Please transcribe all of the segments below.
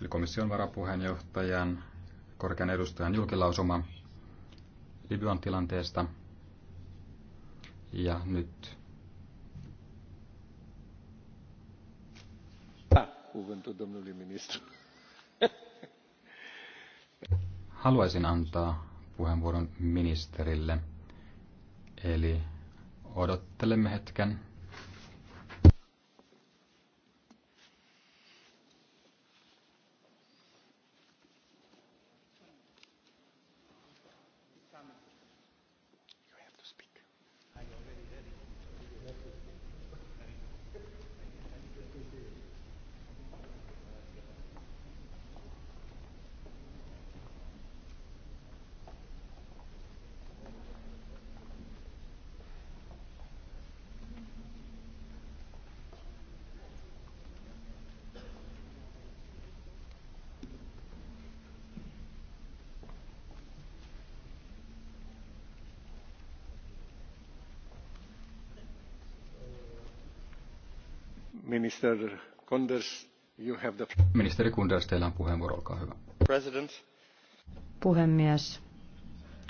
eli komission varapuheenjohtajan korkean edustajan julkilausuma Libyan tilanteesta. Ja nyt Haluaisin antaa puheenvuoron ministerille. Eli odottelemme hetken. Minister Konders, Ministeri Kunders, teillä on puheenvuoro, olkaa hyvä. President. Puhemies,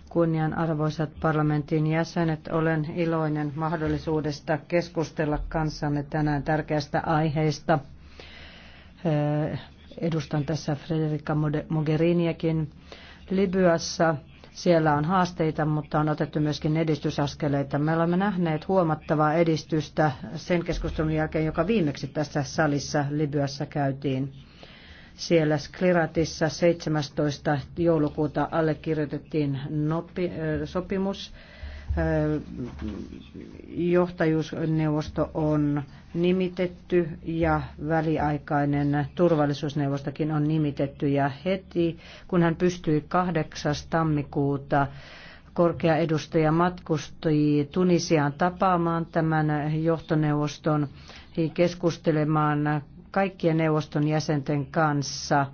kunnianarvoisat parlamentin jäsenet, olen iloinen mahdollisuudesta keskustella kanssanne tänään tärkeästä aiheesta. Edustan tässä Federica Mogheriniakin. Libyassa siellä on haasteita, mutta on otettu myöskin edistysaskeleita. Me olemme nähneet huomattavaa edistystä sen keskustelun jälkeen, joka viimeksi tässä salissa Libyassa käytiin. Siellä Skliratissa 17. joulukuuta allekirjoitettiin nopi, sopimus johtajuusneuvosto on nimitetty ja väliaikainen turvallisuusneuvostokin on nimitetty ja heti kun hän pystyi 8. tammikuuta korkea edustaja matkustui Tunisiaan tapaamaan tämän johtoneuvoston niin keskustelemaan kaikkien neuvoston jäsenten kanssa –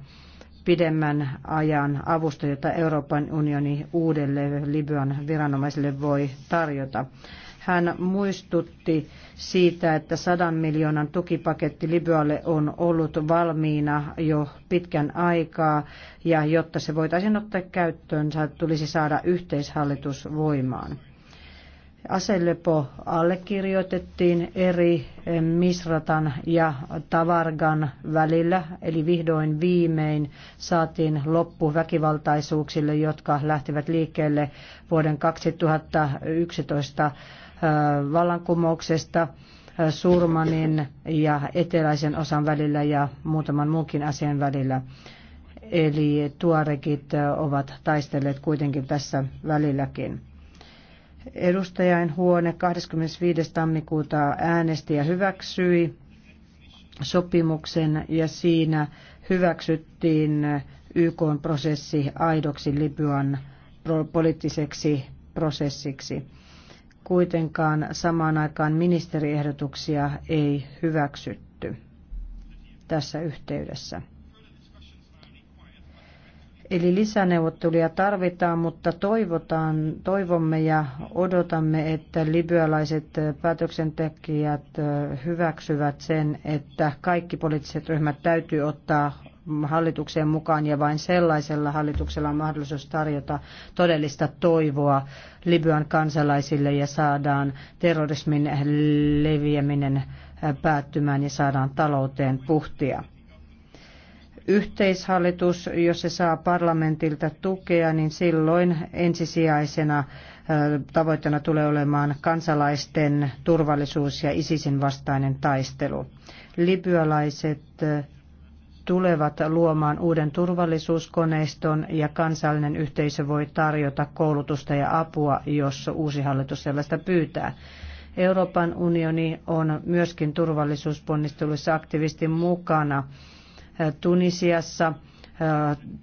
pidemmän ajan avusta, jota Euroopan unioni uudelle Libyan viranomaisille voi tarjota. Hän muistutti siitä, että sadan miljoonan tukipaketti Libyalle on ollut valmiina jo pitkän aikaa, ja jotta se voitaisiin ottaa käyttöön, tulisi saada yhteishallitus voimaan. Aselepo allekirjoitettiin eri eh, Misratan ja Tavargan välillä, eli vihdoin viimein saatiin loppu väkivaltaisuuksille, jotka lähtivät liikkeelle vuoden 2011 eh, vallankumouksesta. Eh, Surmanin ja eteläisen osan välillä ja muutaman muunkin asian välillä. Eli tuorekit ovat taistelleet kuitenkin tässä välilläkin. Edustajain huone 25. tammikuuta äänesti ja hyväksyi sopimuksen ja siinä hyväksyttiin YK prosessi aidoksi Libyan poliittiseksi prosessiksi. Kuitenkaan samaan aikaan ministeriehdotuksia ei hyväksytty tässä yhteydessä. Eli lisäneuvotteluja tarvitaan, mutta toivotaan, toivomme ja odotamme, että libyalaiset äh, päätöksentekijät äh, hyväksyvät sen, että kaikki poliittiset ryhmät täytyy ottaa hallitukseen mukaan ja vain sellaisella hallituksella on mahdollisuus tarjota todellista toivoa Libyan kansalaisille ja saadaan terrorismin leviäminen äh, päättymään ja saadaan talouteen puhtia yhteishallitus, jos se saa parlamentilta tukea, niin silloin ensisijaisena tavoitteena tulee olemaan kansalaisten turvallisuus ja ISISin vastainen taistelu. Libyalaiset tulevat luomaan uuden turvallisuuskoneiston ja kansallinen yhteisö voi tarjota koulutusta ja apua, jos uusi hallitus sellaista pyytää. Euroopan unioni on myöskin turvallisuusponnisteluissa aktiivisesti mukana Tunisiassa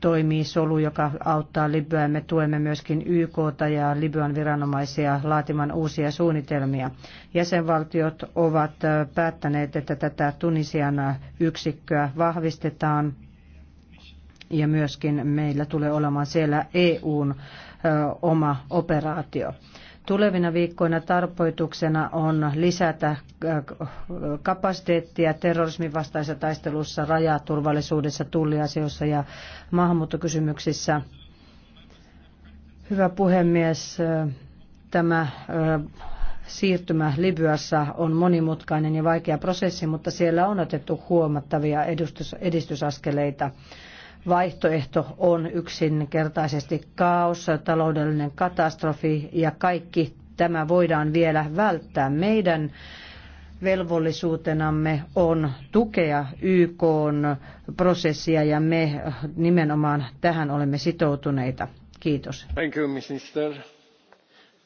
toimii solu, joka auttaa Libyaa. Me tuemme myöskin YK ja Libyan viranomaisia laatimaan uusia suunnitelmia. Jäsenvaltiot ovat päättäneet, että tätä Tunisian yksikköä vahvistetaan ja myöskin meillä tulee olemaan siellä EUn oma operaatio. Tulevina viikkoina tarkoituksena on lisätä äh, kapasiteettia terrorismin vastaisessa taistelussa, rajaturvallisuudessa, tulliasioissa ja maahanmuuttokysymyksissä. Hyvä puhemies, äh, tämä äh, siirtymä Libyassa on monimutkainen ja vaikea prosessi, mutta siellä on otettu huomattavia edistysaskeleita vaihtoehto on yksinkertaisesti kaos, taloudellinen katastrofi ja kaikki tämä voidaan vielä välttää. Meidän velvollisuutenamme on tukea YK prosessia ja me nimenomaan tähän olemme sitoutuneita. Kiitos. Thank you, minister.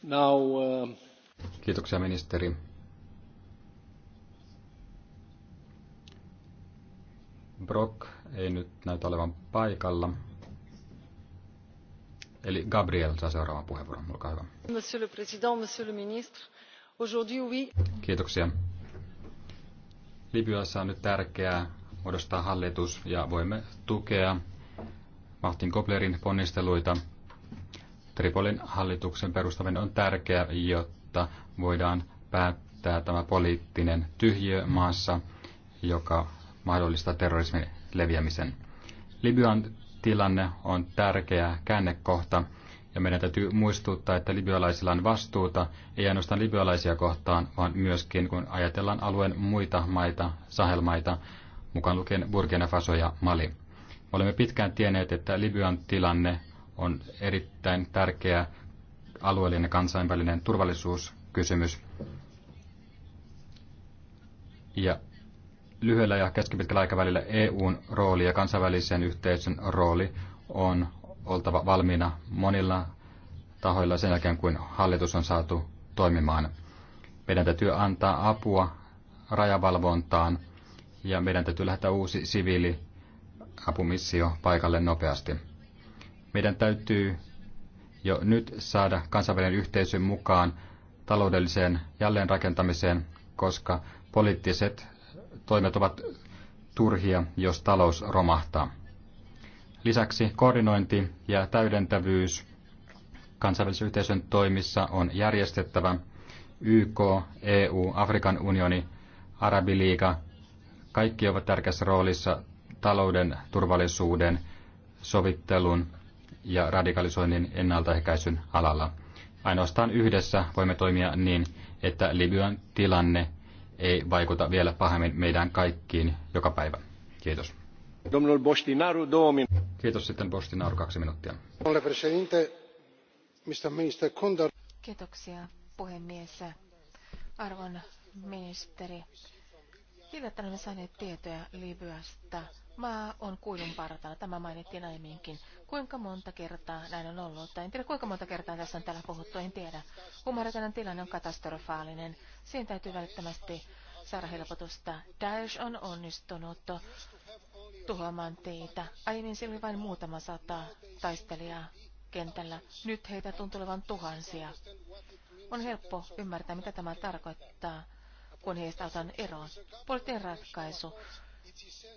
Now, uh... Kiitoksia ministeri. Brock ei nyt näytä olevan paikalla. Eli Gabriel saa seuraavan puheenvuoron, olkaa hyvä. Monsieur le Président, Monsieur le Ministre, aujourd'hui oui. Kiitoksia. Libyassa on nyt tärkeää muodostaa hallitus ja voimme tukea Martin Koblerin ponnisteluita. Tripolin hallituksen perustaminen on tärkeää, jotta voidaan päättää tämä poliittinen tyhjiö maassa, joka mahdollistaa terrorismin leviämisen. Libyan tilanne on tärkeä käännekohta ja meidän täytyy muistuttaa, että libyalaisilla on vastuuta, ei ainoastaan libyalaisia kohtaan, vaan myöskin kun ajatellaan alueen muita maita, sahelmaita, mukaan lukien Burkina Faso ja Mali. Me olemme pitkään tienneet, että Libyan tilanne on erittäin tärkeä alueellinen kansainvälinen turvallisuuskysymys. Ja lyhyellä ja keskipitkällä aikavälillä EUn rooli ja kansainvälisen yhteisön rooli on oltava valmiina monilla tahoilla sen jälkeen, kun hallitus on saatu toimimaan. Meidän täytyy antaa apua rajavalvontaan ja meidän täytyy lähettää uusi siviili apumissio paikalle nopeasti. Meidän täytyy jo nyt saada kansainvälinen yhteisön mukaan taloudelliseen jälleenrakentamiseen, koska poliittiset toimet ovat turhia, jos talous romahtaa. Lisäksi koordinointi ja täydentävyys kansainvälisen yhteisön toimissa on järjestettävä. YK, EU, Afrikan unioni, Arabiliiga, kaikki ovat tärkeässä roolissa talouden, turvallisuuden, sovittelun ja radikalisoinnin ennaltaehkäisyn alalla. Ainoastaan yhdessä voimme toimia niin, että Libyan tilanne ei vaikuta vielä pahemmin meidän kaikkiin joka päivä. Kiitos. Domnul Bostinaru, Kiitos sitten Bostinaru, kaksi minuuttia. Kiitoksia puhemies. Arvon ministeri, Hiljattain olemme saaneet tietoja Libyasta. Maa on kuilun partalla, tämä mainittiin aiemminkin. Kuinka monta kertaa näin on ollut? En tiedä, kuinka monta kertaa tässä on täällä puhuttu, en tiedä. Humanitaarinen tilanne on katastrofaalinen. Siinä täytyy välittömästi saada helpotusta. Daesh on onnistunut tuhoamaan teitä. Aiemmin siellä oli vain muutama sata taistelijaa kentällä. Nyt heitä tuntuu olevan tuhansia. On helppo ymmärtää, mitä tämä tarkoittaa kun heistä otan eroon. Poliittinen ratkaisu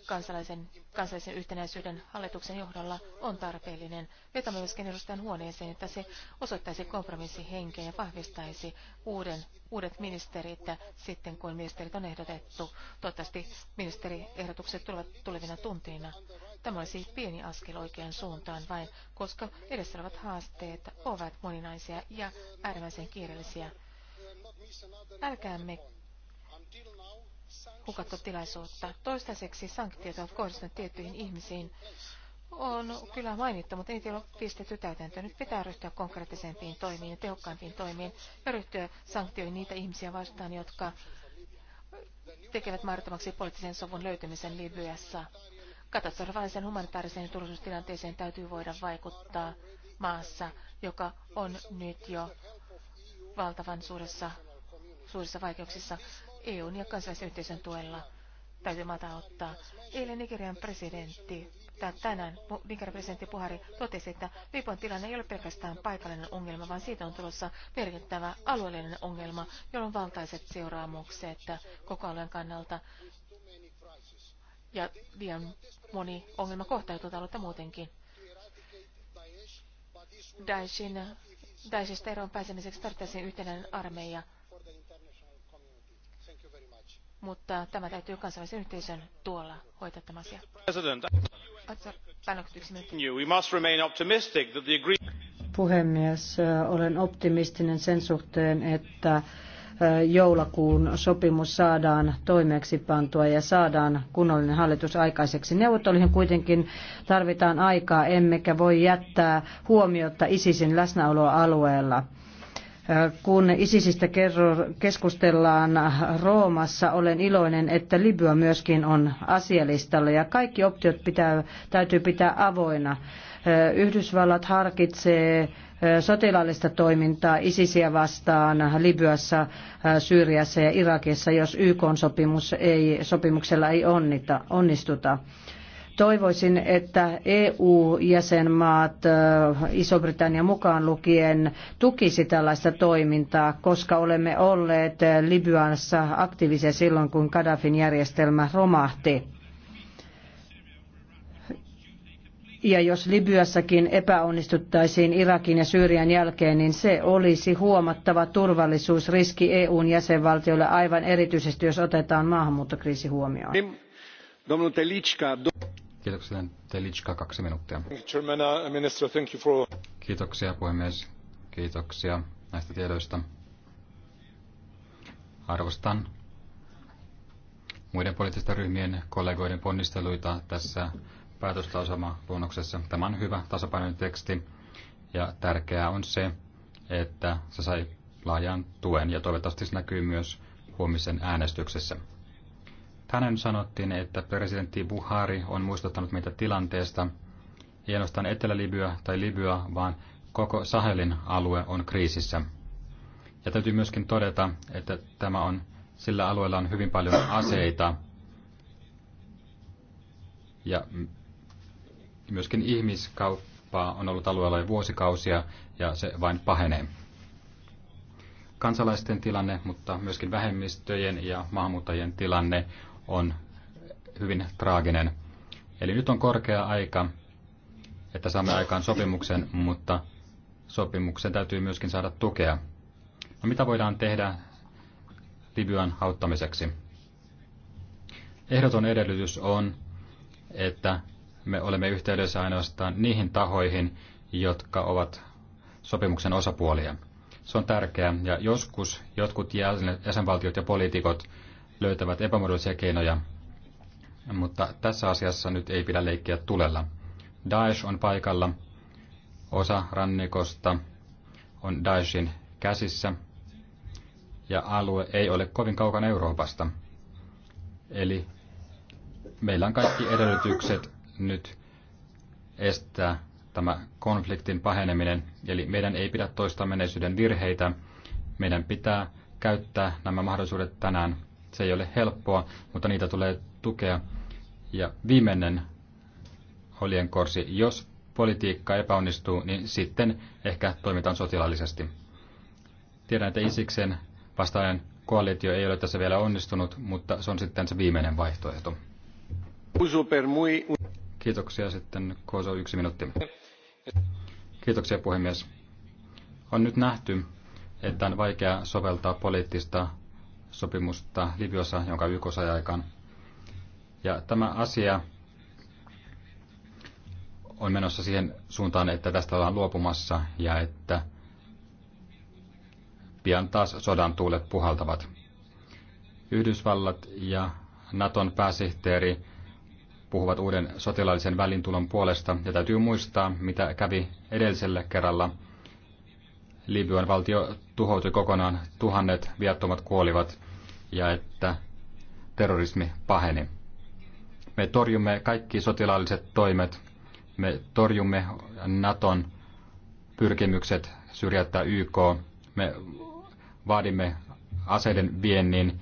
kansalaisen, kansallisen yhtenäisyyden hallituksen johdolla on tarpeellinen. Vetämme myöskin edustajan huoneeseen, että se osoittaisi kompromissihenkeä ja vahvistaisi uuden, uudet ministerit sitten, kun ministerit on ehdotettu. Toivottavasti ministeriehdotukset tulevat tulevina tunteina. Tämä olisi pieni askel oikeaan suuntaan vain, koska edessä olevat haasteet ovat moninaisia ja äärimmäisen kiireellisiä. Älkäämme hukattu tilaisuutta. Toistaiseksi sanktiot ovat kohdistuneet tiettyihin ihmisiin. On kyllä mainittu, mutta niitä ei ole pistetty täytäntöön. Nyt pitää ryhtyä konkreettisempiin toimiin ja tehokkaampiin toimiin ja ryhtyä sanktioihin niitä ihmisiä vastaan, jotka tekevät mahdottomaksi poliittisen sovun löytymisen Libyassa. Katastrofaalisen humanitaariseen turvallisuustilanteeseen täytyy voida vaikuttaa maassa, joka on nyt jo valtavan suuressa, suurissa vaikeuksissa. EUn ja kansalaisyhteisön tuella täytyy maata ottaa. Eilen Nigerian presidentti, tai tänään Nigerian presidentti Puhari totesi, että Libyan tilanne ei ole pelkästään paikallinen ongelma, vaan siitä on tulossa merkittävä alueellinen ongelma, jolloin on valtaiset seuraamukset koko alueen kannalta. Ja liian moni ongelma kohtautuu taloutta muutenkin. Daeshin, Daeshista eroon pääsemiseksi tarvittaisiin yhtenäinen armeija mutta tämä täytyy kansainvälisen yhteisön tuolla hoitaa tämä asia. Puhemies, olen optimistinen sen suhteen, että joulukuun sopimus saadaan pantua ja saadaan kunnollinen hallitus aikaiseksi. Neuvotteluihin kuitenkin tarvitaan aikaa, emmekä voi jättää huomiota ISISin läsnäoloa alueella. Kun ISISistä keskustellaan Roomassa, olen iloinen, että Libya myöskin on asialistalla ja kaikki optiot pitää, täytyy pitää avoina. Yhdysvallat harkitsee sotilaallista toimintaa ISISiä vastaan Libyassa, Syyriassa ja Irakissa, jos YK-sopimuksella ei onnita, onnistuta. Toivoisin, että EU-jäsenmaat, äh, Iso-Britannia mukaan lukien, tukisi tällaista toimintaa, koska olemme olleet Libyassa aktiivisia silloin, kun Gaddafin järjestelmä romahti. Ja jos Libyassakin epäonnistuttaisiin Irakin ja Syyrian jälkeen, niin se olisi huomattava turvallisuusriski EUn jäsenvaltioille, aivan erityisesti jos otetaan maahanmuuttokriisi huomioon. Kiitoksia. Telitska kaksi minuuttia. Uh, Kiitoksia puhemies. Kiitoksia näistä tiedoista. Arvostan muiden poliittisten ryhmien kollegoiden ponnisteluita tässä päätöslauselma luonnoksessa. Tämä on hyvä tasapainoinen teksti ja tärkeää on se, että se sai laajan tuen ja toivottavasti se näkyy myös huomisen äänestyksessä. Tänään sanottiin, että presidentti Buhari on muistuttanut meitä tilanteesta. Ei ainoastaan Etelä-Libya tai Libya, vaan koko Sahelin alue on kriisissä. Ja täytyy myöskin todeta, että tämä on, sillä alueella on hyvin paljon aseita ja myöskin ihmiskauppaa on ollut alueella jo vuosikausia ja se vain pahenee. Kansalaisten tilanne, mutta myöskin vähemmistöjen ja maahanmuuttajien tilanne on hyvin traaginen. Eli nyt on korkea aika, että saamme aikaan sopimuksen, mutta sopimuksen täytyy myöskin saada tukea. No, mitä voidaan tehdä Libyan auttamiseksi? Ehdoton edellytys on, että me olemme yhteydessä ainoastaan niihin tahoihin, jotka ovat sopimuksen osapuolia. Se on tärkeää, ja joskus jotkut jäsenvaltiot ja poliitikot löytävät epämuodollisia keinoja, mutta tässä asiassa nyt ei pidä leikkiä tulella. Daesh on paikalla, osa rannikosta on Daeshin käsissä ja alue ei ole kovin kaukana Euroopasta. Eli meillä on kaikki edellytykset nyt estää tämä konfliktin paheneminen, eli meidän ei pidä toistaa menneisyyden virheitä, meidän pitää käyttää nämä mahdollisuudet tänään se ei ole helppoa, mutta niitä tulee tukea. Ja viimeinen olien korsi, jos politiikka epäonnistuu, niin sitten ehkä toimitaan sotilaallisesti. Tiedän, että Isiksen vastainen koalitio ei ole tässä vielä onnistunut, mutta se on sitten se viimeinen vaihtoehto. Kiitoksia sitten, Koso, yksi minuutti. Kiitoksia puhemies. On nyt nähty, että on vaikea soveltaa poliittista sopimusta Libyossa, jonka YK sai aikaan. Ja tämä asia on menossa siihen suuntaan, että tästä ollaan luopumassa ja että pian taas sodan tuulet puhaltavat. Yhdysvallat ja Naton pääsihteeri puhuvat uuden sotilaallisen välintulon puolesta ja täytyy muistaa, mitä kävi edellisellä kerralla – Libyan valtio tuhoutui kokonaan, tuhannet viattomat kuolivat ja että terrorismi paheni. Me torjumme kaikki sotilaalliset toimet, me torjumme Naton pyrkimykset syrjäyttää YK, me vaadimme aseiden viennin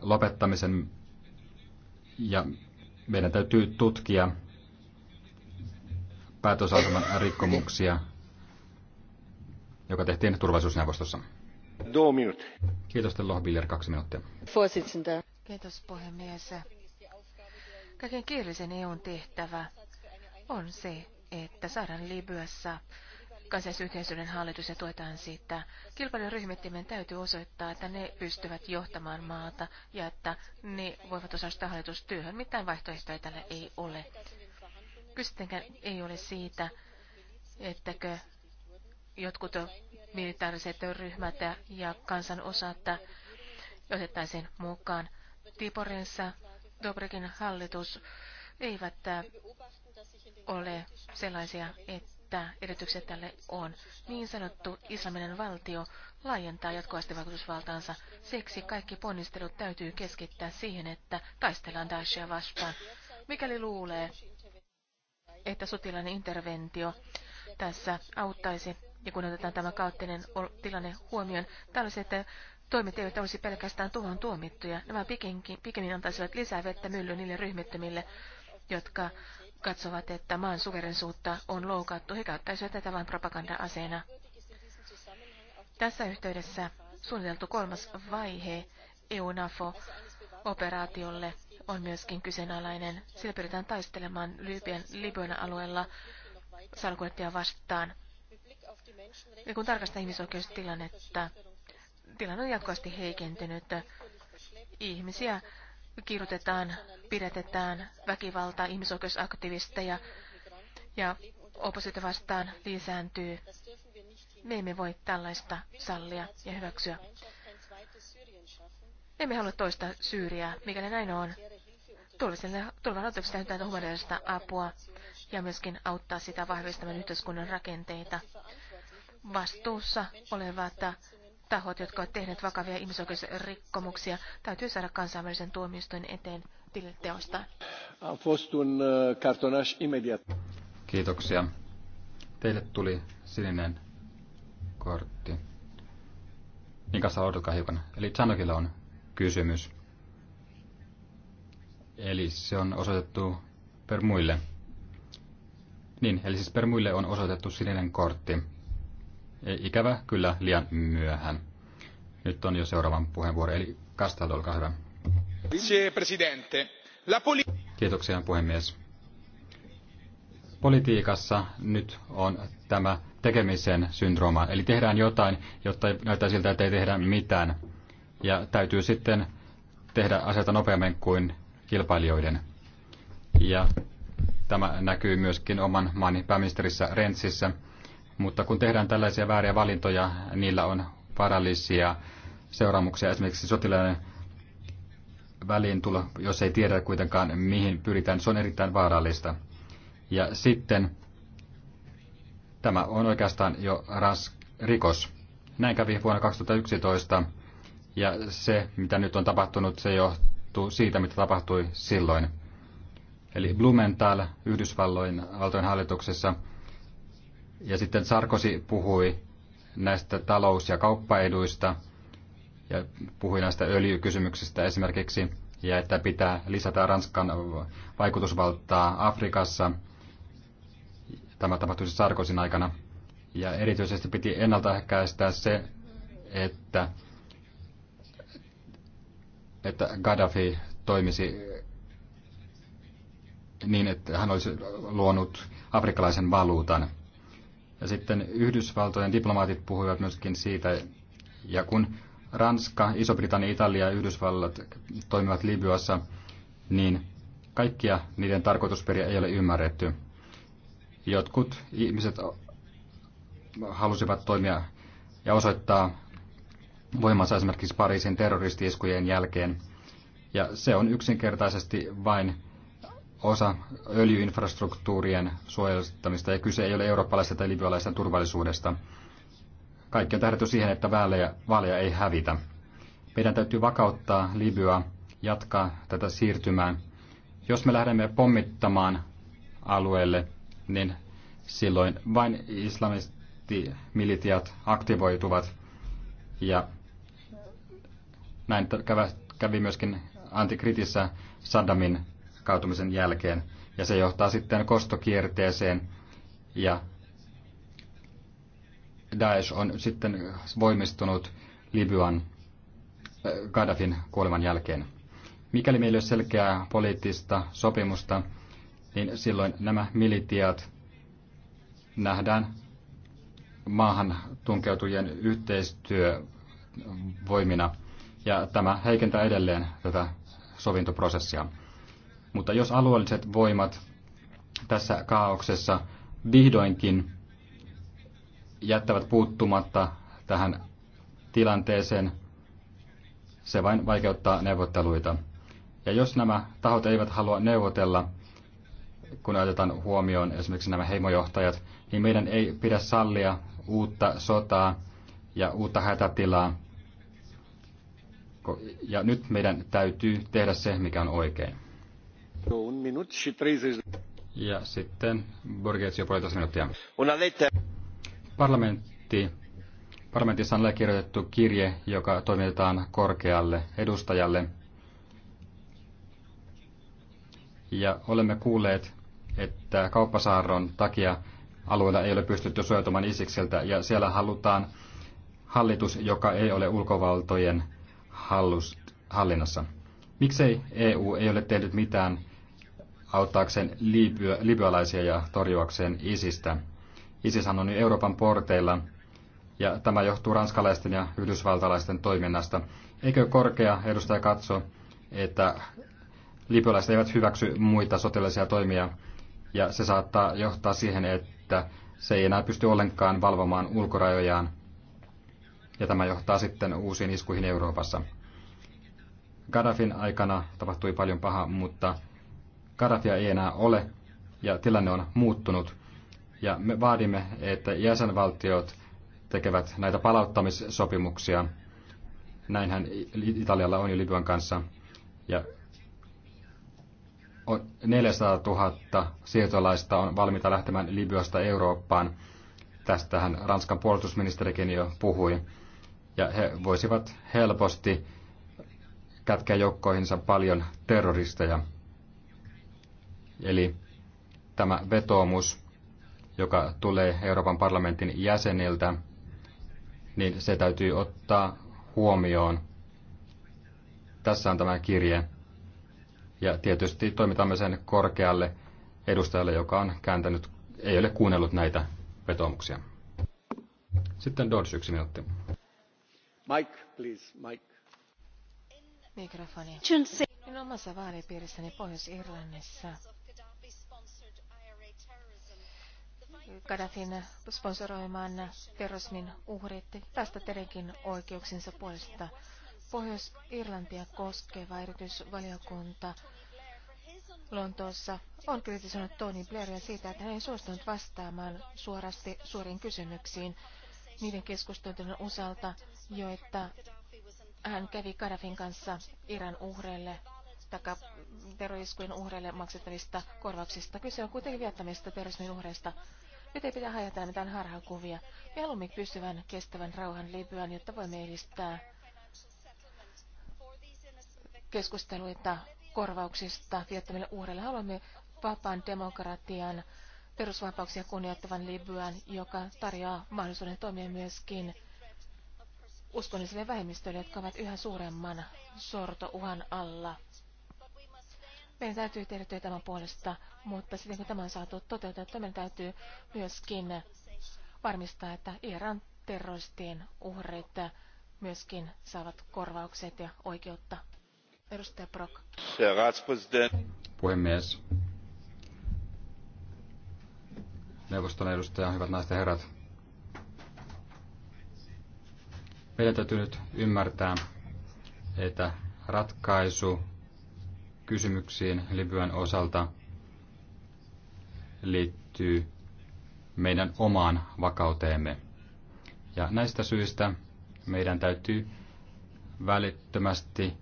lopettamisen ja meidän täytyy tutkia päätösaseman rikkomuksia joka tehtiin turvallisuusneuvostossa. Kiitos, teille Lohbiller, kaksi minuuttia. Kiitos, puhemies. Kaiken kiireisen EUn tehtävä on se, että saadaan Libyassa kansallisyhteisöiden hallitus ja tuetaan sitä. Kilpailuryhmittimen täytyy osoittaa, että ne pystyvät johtamaan maata ja että ne voivat osallistua hallitustyöhön. Mitään vaihtoehtoja tällä ei ole. Kysenkään ei ole siitä, ettäkö jotkut militaariset ryhmät ja kansanosat otettaisiin mukaan. Tiporinsa Dobrikin hallitus eivät ole sellaisia, että edellytykset tälle on. Niin sanottu islaminen valtio laajentaa jatkuvasti vaikutusvaltaansa. Siksi kaikki ponnistelut täytyy keskittää siihen, että taistellaan Daeshia vastaan. Mikäli luulee, että sotilainen interventio tässä auttaisi ja kun otetaan tämä kaoottinen tilanne huomioon, tällaiset toimit eivät olisi pelkästään tuohon tuomittuja. Nämä pikemmin, pikemmin antaisivat lisää vettä mylly niille ryhmittymille, jotka katsovat, että maan suverensuutta on loukattu. He käyttäisivät tätä vain propaganda-aseena. Tässä yhteydessä suunniteltu kolmas vaihe EUNAFO-operaatiolle on myöskin kyseenalainen. Sillä pyritään taistelemaan Libyan alueella salkuettia vastaan. Ja kun tarkastaa ihmisoikeustilannetta, tilanne on jatkuvasti heikentynyt. Ihmisiä kirjoitetaan, pidetetään väkivaltaa, ihmisoikeusaktivisteja ja oppositio vastaan lisääntyy. Me emme voi tällaista sallia ja hyväksyä. Emme halua toista Syyriää, mikäli näin on. Tulevan oteksi täytyy humanitaarista apua ja myöskin auttaa sitä vahvistamaan yhteiskunnan rakenteita vastuussa olevat tahot, jotka ovat tehneet vakavia ihmisoikeusrikkomuksia, täytyy saada kansainvälisen tuomioistuin eteen teostaan. Uh, Kiitoksia. Teille tuli sininen kortti. Niin kanssa odotakaa hiukan. Eli Chanokilla on kysymys. Eli se on osoitettu per muille. Niin, eli siis per muille on osoitettu sininen kortti ikävä kyllä liian myöhään. Nyt on jo seuraavan puheenvuoro, eli Castaldo, olkaa hyvä. Kiitoksia puhemies. Politiikassa nyt on tämä tekemisen syndrooma, eli tehdään jotain, jotta näyttää siltä, että ei tehdä mitään. Ja täytyy sitten tehdä asioita nopeammin kuin kilpailijoiden. Ja tämä näkyy myöskin oman maani pääministerissä Rentsissä. Mutta kun tehdään tällaisia vääriä valintoja, niillä on vaarallisia seuraamuksia, esimerkiksi sotilaiden väliintulo, jos ei tiedä kuitenkaan mihin pyritään, se on erittäin vaarallista. Ja sitten tämä on oikeastaan jo ras, rikos. Näin kävi vuonna 2011 ja se, mitä nyt on tapahtunut, se johtuu siitä, mitä tapahtui silloin. Eli Blumenthal Yhdysvalloin valtojen hallituksessa ja sitten Sarkosi puhui näistä talous- ja kauppaeduista ja puhui näistä öljykysymyksistä esimerkiksi, ja että pitää lisätä Ranskan vaikutusvaltaa Afrikassa. Tämä tapahtuisi siis Sarkosin aikana. Ja erityisesti piti ennaltaehkäistää se, että, että Gaddafi toimisi niin, että hän olisi luonut afrikkalaisen valuutan. Ja sitten Yhdysvaltojen diplomaatit puhuivat myöskin siitä, ja kun Ranska, Iso-Britannia, Italia ja Yhdysvallat toimivat Libyassa, niin kaikkia niiden tarkoitusperiä ei ole ymmärretty. Jotkut ihmiset halusivat toimia ja osoittaa voimansa esimerkiksi Pariisin terroristiiskujen jälkeen. Ja se on yksinkertaisesti vain osa öljyinfrastruktuurien suojelustamista ja kyse ei ole eurooppalaisesta tai libyalaisesta turvallisuudesta. Kaikki on tähdätty siihen, että vaaleja, vaaleja ei hävitä. Meidän täytyy vakauttaa Libyaa, jatkaa tätä siirtymää. Jos me lähdemme pommittamaan alueelle, niin silloin vain islamistimilitiat aktivoituvat ja näin kävi myöskin Antikritissä Saddamin velkautumisen jälkeen. Ja se johtaa sitten kostokierteeseen ja Daesh on sitten voimistunut Libyan äh, Gaddafin kuoleman jälkeen. Mikäli meillä ei ole selkeää poliittista sopimusta, niin silloin nämä militiat nähdään maahan tunkeutujien yhteistyövoimina, ja tämä heikentää edelleen tätä sovintoprosessia. Mutta jos alueelliset voimat tässä kaauksessa vihdoinkin jättävät puuttumatta tähän tilanteeseen, se vain vaikeuttaa neuvotteluita. Ja jos nämä tahot eivät halua neuvotella, kun otetaan huomioon esimerkiksi nämä heimojohtajat, niin meidän ei pidä sallia uutta sotaa ja uutta hätätilaa. Ja nyt meidän täytyy tehdä se, mikä on oikein. No, ja sitten Borgesio puolitoista minuuttia. Parlamentti, parlamentissa on kirjoitettu kirje, joka toimitetaan korkealle edustajalle. Ja olemme kuulleet, että kauppasaaron takia alueella ei ole pystytty suojautumaan Isikseltä ja siellä halutaan hallitus, joka ei ole ulkovaltojen hallinnassa. Miksei EU ei ole tehnyt mitään auttaakseen libya, libyalaisia ja torjuakseen ISIStä. ISIS on nyt Euroopan porteilla ja tämä johtuu ranskalaisten ja yhdysvaltalaisten toiminnasta. Eikö korkea edustaja katso, että libyalaiset eivät hyväksy muita sotilaisia toimia ja se saattaa johtaa siihen, että se ei enää pysty ollenkaan valvomaan ulkorajojaan ja tämä johtaa sitten uusiin iskuihin Euroopassa. Gaddafin aikana tapahtui paljon pahaa, mutta Karatia ei enää ole ja tilanne on muuttunut. Ja me vaadimme, että jäsenvaltiot tekevät näitä palauttamissopimuksia. Näinhän Italialla on jo Libyan kanssa. Ja 400 000 siirtolaista on valmiita lähtemään Libyasta Eurooppaan. Tästähän Ranskan puolustusministerikin jo puhui. Ja he voisivat helposti kätkeä joukkoihinsa paljon terroristeja. Eli tämä vetoomus, joka tulee Euroopan parlamentin jäseniltä, niin se täytyy ottaa huomioon. Tässä on tämä kirje. Ja tietysti toimitamme sen korkealle edustajalle, joka on kääntänyt, ei ole kuunnellut näitä vetoomuksia. Sitten Dodge yksi minuutti. Mike, please, Mike. Mikrofoni. Minun omassa vaalipiirissäni Pohjois-Irlannissa Kadafin sponsoroimaan terrorismin uhrit tästä teidänkin oikeuksinsa puolesta. Pohjois-Irlantia koskeva erityisvaliokunta Lontoossa on kritisoinut Tony Blairia siitä, että hän ei suostunut vastaamaan suorasti suoriin kysymyksiin niiden keskustelujen osalta, joita hän kävi Kadafin kanssa Iran uhreille taka terroriskujen uhreille maksettavista korvauksista. Kyse on kuitenkin viettämistä terrorismin uhreista. Nyt ei pidä hajata mitään harhakuvia. Mieluummin pysyvän kestävän rauhan Libyan, jotta voimme edistää keskusteluita korvauksista viettämille uhreille. Haluamme vapaan demokratian, perusvapauksia kunnioittavan Libyan, joka tarjoaa mahdollisuuden toimia myöskin uskonnollisille vähemmistöille, jotka ovat yhä suuremman sortouhan alla. Meidän täytyy tehdä työtä tämän puolesta, mutta sitten kun tämä on saatu toteutettua, meidän täytyy myöskin varmistaa, että Iran terroristien uhrit myöskin saavat korvaukset ja oikeutta. Edustaja Brock. Puhemies. Neuvoston edustaja, hyvät naiset ja herrat. Meidän täytyy nyt ymmärtää, että ratkaisu kysymyksiin Libyan osalta liittyy meidän omaan vakauteemme. Ja näistä syistä meidän täytyy välittömästi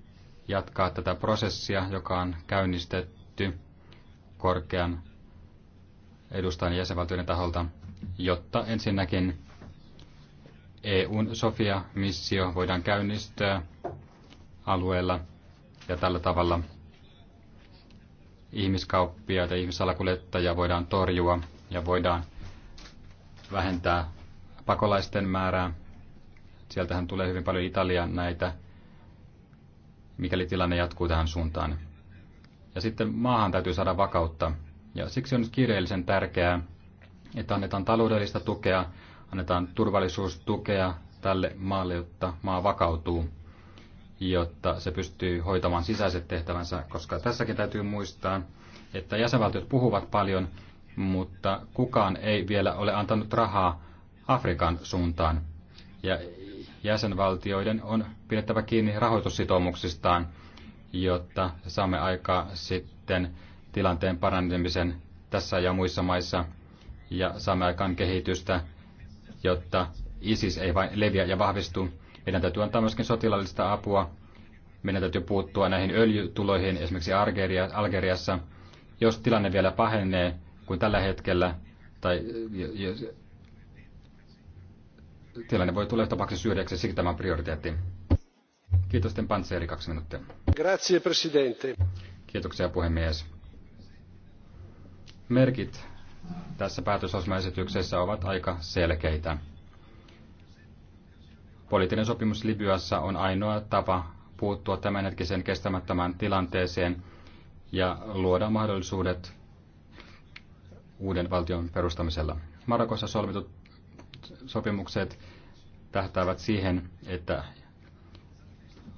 jatkaa tätä prosessia, joka on käynnistetty korkean edustajan jäsenvaltioiden taholta, jotta ensinnäkin EUn Sofia-missio voidaan käynnistää alueella ja tällä tavalla – ihmiskauppia ja ihmissalakuljettajia voidaan torjua ja voidaan vähentää pakolaisten määrää. Sieltähän tulee hyvin paljon Italian näitä, mikäli tilanne jatkuu tähän suuntaan. Ja sitten maahan täytyy saada vakautta. Ja siksi on nyt kiireellisen tärkeää, että annetaan taloudellista tukea, annetaan turvallisuustukea tälle maalle, jotta maa vakautuu jotta se pystyy hoitamaan sisäiset tehtävänsä, koska tässäkin täytyy muistaa, että jäsenvaltiot puhuvat paljon, mutta kukaan ei vielä ole antanut rahaa Afrikan suuntaan. Ja jäsenvaltioiden on pidettävä kiinni rahoitussitoumuksistaan, jotta saamme aikaa sitten tilanteen parantamisen tässä ja muissa maissa ja saamme aikaan kehitystä, jotta ISIS ei vain leviä ja vahvistu, meidän täytyy antaa myöskin sotilaallista apua. Meidän täytyy puuttua näihin öljytuloihin esimerkiksi Algeria, Algeriassa. Jos tilanne vielä pahenee kuin tällä hetkellä, tai jos, tilanne voi tulla tapauksessa syrjäksi, siksi tämä on prioriteetti. Kiitos, Sten Pantseri, kaksi minuuttia. Grazie, presidente. Kiitoksia, puhemies. Merkit tässä päätösosmaesityksessä ovat aika selkeitä. Poliittinen sopimus Libyassa on ainoa tapa puuttua tämänhetkisen kestämättömään tilanteeseen ja luoda mahdollisuudet uuden valtion perustamisella. Marokossa solmitut sopimukset tähtäävät siihen, että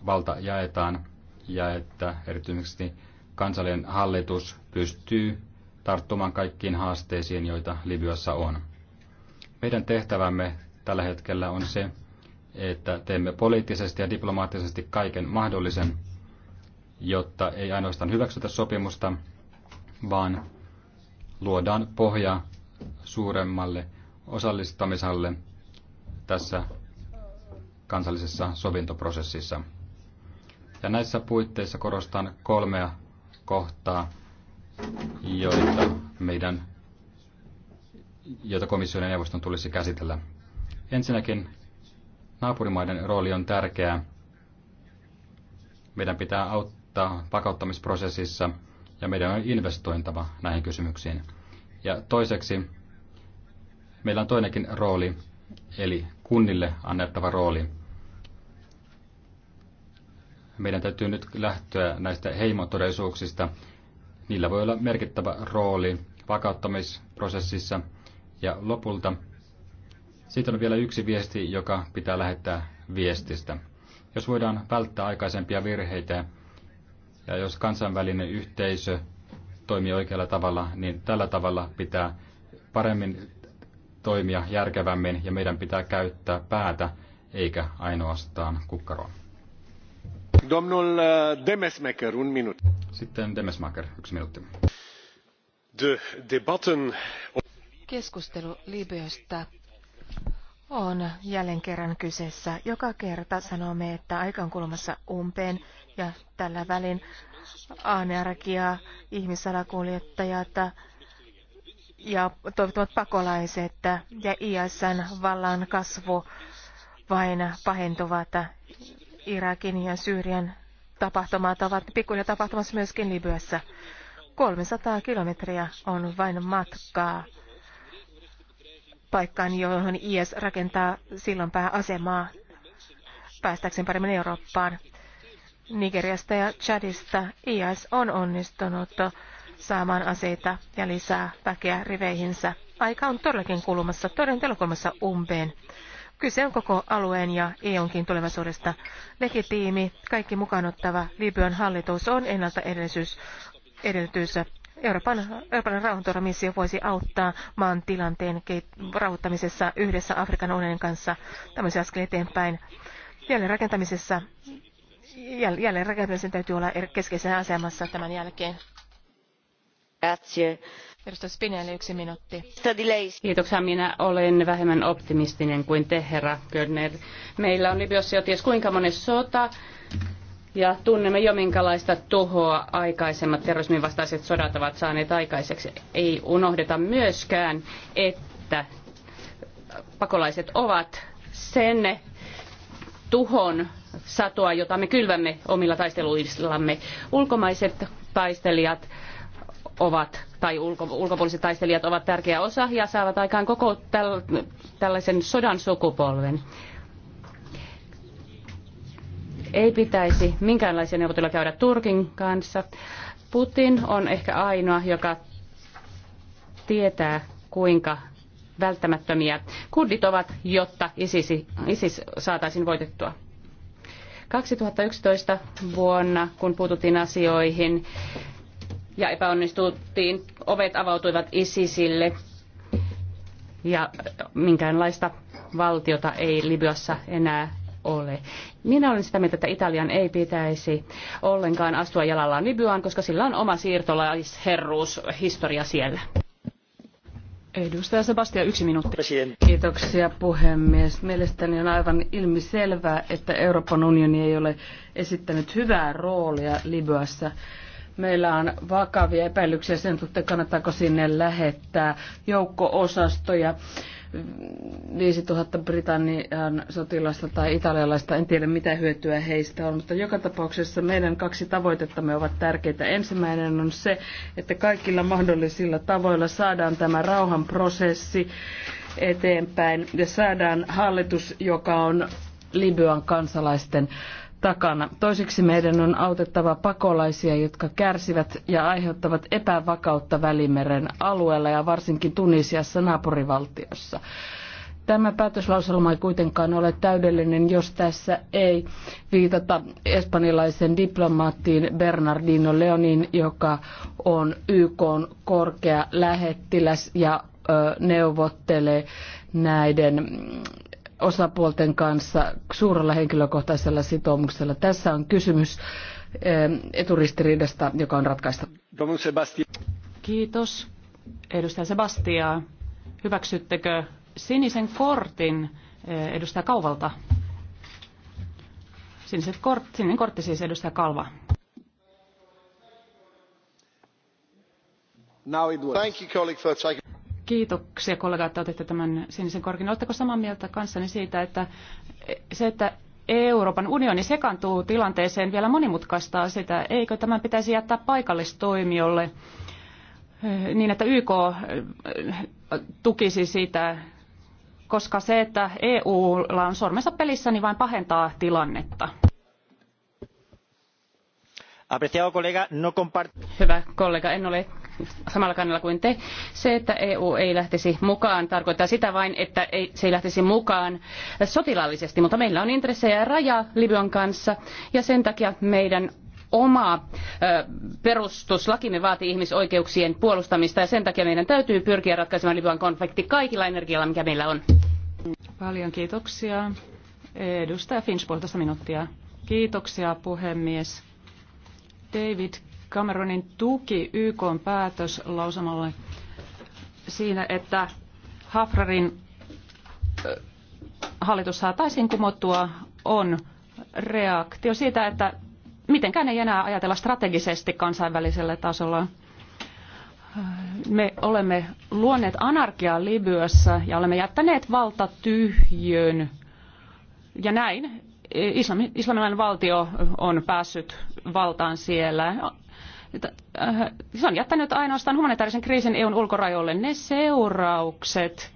valta jaetaan ja että erityisesti kansallinen hallitus pystyy tarttumaan kaikkiin haasteisiin, joita Libyassa on. Meidän tehtävämme tällä hetkellä on se, että teemme poliittisesti ja diplomaattisesti kaiken mahdollisen, jotta ei ainoastaan hyväksytä sopimusta, vaan luodaan pohja suuremmalle osallistamiselle tässä kansallisessa sovintoprosessissa. Ja näissä puitteissa korostan kolmea kohtaa, joita meidän, joita komission ja neuvoston tulisi käsitellä. Ensinnäkin Naapurimaiden rooli on tärkeä. Meidän pitää auttaa vakauttamisprosessissa ja meidän on investointava näihin kysymyksiin. Ja toiseksi meillä on toinenkin rooli, eli kunnille annettava rooli. Meidän täytyy nyt lähtöä näistä heimotodellisuuksista. Niillä voi olla merkittävä rooli vakauttamisprosessissa ja lopulta – sitten on vielä yksi viesti, joka pitää lähettää viestistä. Jos voidaan välttää aikaisempia virheitä ja jos kansainvälinen yhteisö toimii oikealla tavalla, niin tällä tavalla pitää paremmin toimia järkevämmin ja meidän pitää käyttää päätä eikä ainoastaan kukkaroa. Domnul eh, Demesmaker, un minut. Sitten Demesmaker, yksi minuutti. De debatten... Keskustelu Libyasta on jälleen kerran kyseessä. Joka kerta sanomme, että aika on kulmassa umpeen ja tällä välin anarkia, ihmissalakuljettajat ja toivottavat pakolaiset ja ISN vallan kasvu vain pahentuvat. Irakin ja Syyrian tapahtumat ovat pikkuja tapahtumassa myöskin Libyassa. 300 kilometriä on vain matkaa paikkaan, johon IS rakentaa silloin pääasemaa päästäkseen paremmin Eurooppaan. Nigeriasta ja Chadista IS on onnistunut saamaan aseita ja lisää väkeä riveihinsä. Aika on todellakin kulumassa, toden kulmassa umpeen. Kyse on koko alueen ja EUnkin tulevaisuudesta. Legitiimi, kaikki ottava Libyan hallitus on ennalta edellytys Euroopan, Euroopan rauhanturvamissio voisi auttaa maan tilanteen rauhoittamisessa yhdessä Afrikan unionin kanssa tämmöisen askel eteenpäin. Jälleenrakentamisessa rakentamisen täytyy olla keskeisessä asemassa tämän jälkeen. Edustaja Spinelli, yksi minuutti. Kiitoksia. Minä olen vähemmän optimistinen kuin te, herra Körner. Meillä on Libyossa jo ties kuinka monen sota ja tunnemme jo minkälaista tuhoa aikaisemmat terrorismin vastaiset sodat ovat saaneet aikaiseksi. Ei unohdeta myöskään, että pakolaiset ovat sen tuhon satoa, jota me kylvämme omilla taisteluillamme. Ulkomaiset taistelijat ovat, tai ulko, ulkopuoliset taistelijat ovat tärkeä osa ja saavat aikaan koko täl, tällaisen sodan sukupolven. Ei pitäisi minkäänlaisia neuvotteluja käydä Turkin kanssa. Putin on ehkä ainoa, joka tietää, kuinka välttämättömiä kurdit ovat, jotta ISIS, ISIS saataisiin voitettua. 2011 vuonna, kun puututtiin asioihin ja epäonnistuttiin, ovet avautuivat ISISille ja minkäänlaista valtiota ei Libyassa enää ole. Minä olen sitä mieltä, että Italian ei pitäisi ollenkaan astua jalallaan Libyaan, koska sillä on oma siirtolaisherruushistoria siellä. Edustaja Sebastian, yksi minuutti. Kiitoksia puhemies. Mielestäni on aivan ilmiselvää, että Euroopan unioni ei ole esittänyt hyvää roolia Libyassa meillä on vakavia epäilyksiä sen suhteen, kannattaako sinne lähettää joukko-osastoja. 5000 Britannian sotilasta tai italialaista, en tiedä mitä hyötyä heistä on, mutta joka tapauksessa meidän kaksi tavoitettamme ovat tärkeitä. Ensimmäinen on se, että kaikilla mahdollisilla tavoilla saadaan tämä rauhanprosessi eteenpäin ja saadaan hallitus, joka on Libyan kansalaisten takana. Toiseksi meidän on autettava pakolaisia, jotka kärsivät ja aiheuttavat epävakautta Välimeren alueella ja varsinkin Tunisiassa naapurivaltiossa. Tämä päätöslauselma ei kuitenkaan ole täydellinen, jos tässä ei viitata espanjalaisen diplomaattiin Bernardino Leonin, joka on YK korkea lähettiläs ja neuvottelee näiden osapuolten kanssa suurella henkilökohtaisella sitoumuksella. Tässä on kysymys eh, eturistiriidasta, joka on ratkaista. Kiitos. Edustaja Sebastia, hyväksyttekö sinisen kortin eh, edustaja Kauvalta? Sinisen kort, sininen kortti siis edustaja Kalva. Now it works. Thank you, colleague, for taking... Kiitoksia kollega, että otitte tämän sinisen korkin. Oletteko samaa mieltä kanssani siitä, että se, että Euroopan unioni sekantuu tilanteeseen vielä monimutkaistaa sitä. Eikö tämän pitäisi jättää paikallistoimijolle eh, niin, että YK eh, tukisi sitä, koska se, että EUlla on sormensa pelissä, niin vain pahentaa tilannetta. No Hyvä kollega, en ole samalla kannalla kuin te. Se, että EU ei lähtisi mukaan, tarkoittaa sitä vain, että ei, se ei lähtisi mukaan sotilaallisesti, mutta meillä on intressejä raja Libyan kanssa ja sen takia meidän oma perustuslakimme vaatii ihmisoikeuksien puolustamista ja sen takia meidän täytyy pyrkiä ratkaisemaan Libyan konflikti kaikilla energialla, mikä meillä on. Paljon kiitoksia. Edustaja Finch, puolitoista minuuttia. Kiitoksia puhemies. David Cameronin tuki YK päätöslausamalle siinä, että Hafrarin hallitus saataisiin kumottua, on reaktio siitä, että mitenkään ei enää ajatella strategisesti kansainvälisellä tasolla. Me olemme luoneet anarkiaa Libyassa ja olemme jättäneet valta tyhjön. Ja näin islamilainen valtio on päässyt valtaan siellä. Äh, se on jättänyt ainoastaan humanitaarisen kriisin EUn ulkorajoille ne seuraukset,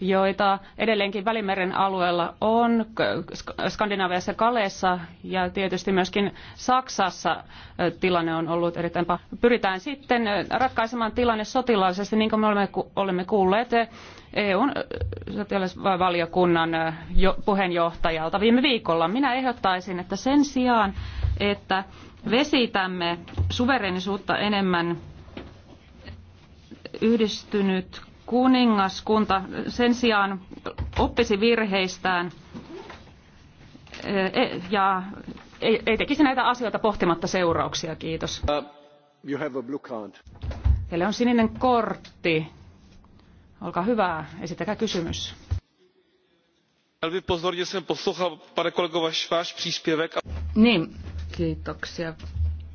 joita edelleenkin Välimeren alueella on, Skandinaviassa, Kaleessa ja tietysti myöskin Saksassa äh, tilanne on ollut erittäin paha. Pyritään sitten äh, ratkaisemaan tilanne sotilaallisesti, niin kuin me olemme, olemme kuulleet EUn sotilasvaliokunnan puheenjohtajalta viime viikolla. Minä ehdottaisin, että sen sijaan, että vesitämme suverenisuutta enemmän yhdistynyt kuningaskunta sen sijaan oppisi virheistään eh, eh, ja ei, tekisi näitä asioita pohtimatta seurauksia. Kiitos. Uh, Teillä on sininen kortti. Olkaa hyvä, esittäkää kysymys. Niin, Kiitoksia.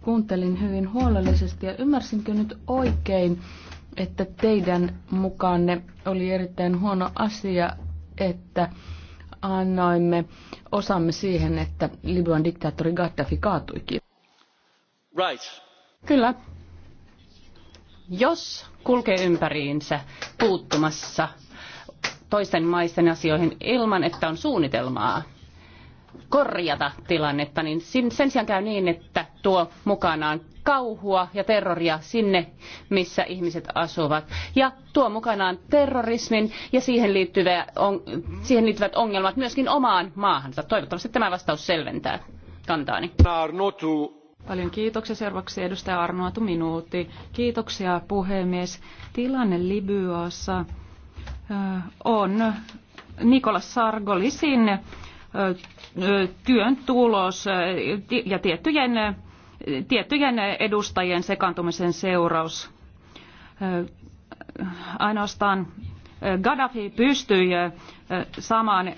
Kuuntelin hyvin huolellisesti ja ymmärsinkö nyt oikein, että teidän mukaanne oli erittäin huono asia, että annoimme osamme siihen, että Libyan diktaattori Gaddafi kaatuikin. Right. Kyllä. Jos kulkee ympäriinsä puuttumassa toisten maisten asioihin ilman, että on suunnitelmaa, korjata tilannetta, niin sen sijaan käy niin, että tuo mukanaan kauhua ja terroria sinne, missä ihmiset asuvat. Ja tuo mukanaan terrorismin ja siihen, siihen liittyvät ongelmat myöskin omaan maahansa. Toivottavasti tämä vastaus selventää kantaani. Paljon kiitoksia seuraavaksi edustaja Arnoatu minuutti. Kiitoksia puhemies. Tilanne Libyassa on Nikolas Sargolisin työn tulos ja tiettyjen, tiettyjen edustajien sekaantumisen seuraus. Ainoastaan Gaddafi pystyi saamaan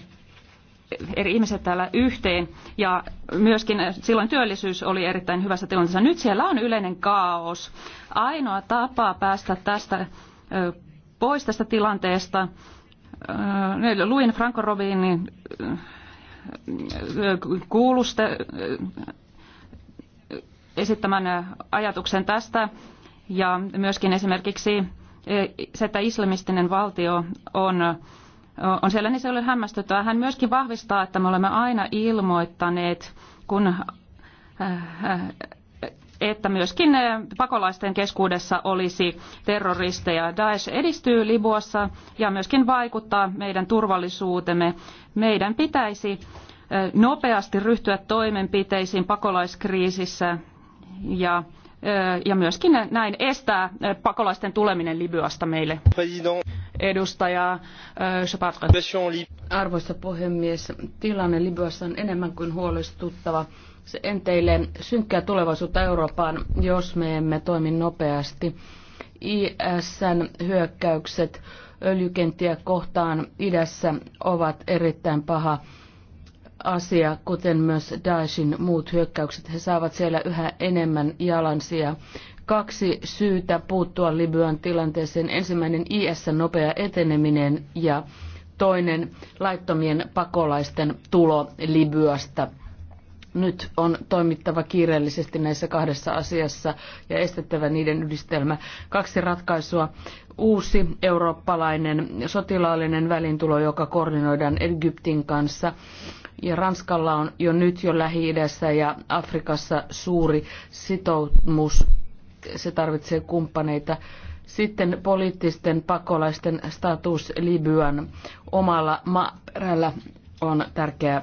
eri ihmiset täällä yhteen ja myöskin silloin työllisyys oli erittäin hyvässä tilanteessa. Nyt siellä on yleinen kaos. Ainoa tapa päästä tästä pois tästä tilanteesta, luin Franco Robinin kuulusta esittämän ajatuksen tästä ja myöskin esimerkiksi se, että islamistinen valtio on, on siellä, niin se oli hämmästyttävää. Hän myöskin vahvistaa, että me olemme aina ilmoittaneet, kun äh, äh, että myöskin eh, pakolaisten keskuudessa olisi terroristeja. Daesh edistyy Libuassa ja myöskin vaikuttaa meidän turvallisuutemme. Meidän pitäisi eh, nopeasti ryhtyä toimenpiteisiin pakolaiskriisissä ja eh, ja myöskin näin estää pakolaisten tuleminen Libyasta meille. Edustaja Arvoisa puhemies, tilanne Libyassa on enemmän kuin huolestuttava. Se enteilee synkkää tulevaisuutta Eurooppaan, jos me emme toimi nopeasti. ISN hyökkäykset öljykenttiä kohtaan idässä ovat erittäin paha asia, kuten myös Daeshin muut hyökkäykset. He saavat siellä yhä enemmän jalansia. Kaksi syytä puuttua Libyan tilanteeseen. Ensimmäinen IS nopea eteneminen ja toinen laittomien pakolaisten tulo Libyasta nyt on toimittava kiireellisesti näissä kahdessa asiassa ja estettävä niiden yhdistelmä. Kaksi ratkaisua. Uusi eurooppalainen sotilaallinen välintulo, joka koordinoidaan Egyptin kanssa. Ja Ranskalla on jo nyt jo Lähi-idässä ja Afrikassa suuri sitoutumus, Se tarvitsee kumppaneita. Sitten poliittisten pakolaisten status Libyan omalla maaperällä on tärkeä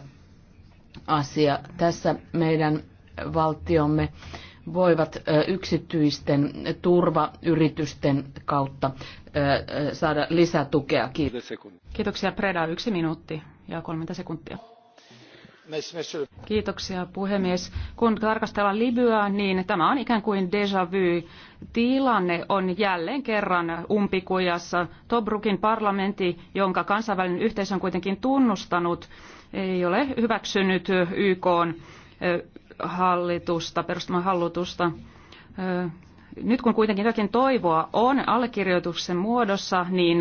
asia. Tässä meidän valtiomme voivat yksityisten turvayritysten kautta saada lisätukea. Kiitos. Kiitoksia Preda. Yksi minuutti ja 30 sekuntia. Kiitoksia puhemies. Kun tarkastellaan Libyaa, niin tämä on ikään kuin déjà vu. Tilanne on jälleen kerran umpikujassa. Tobrukin parlamentti, jonka kansainvälinen yhteisö on kuitenkin tunnustanut, ei ole hyväksynyt YK hallitusta, perustamaan hallitusta. Nyt kun kuitenkin jotakin toivoa on allekirjoituksen muodossa, niin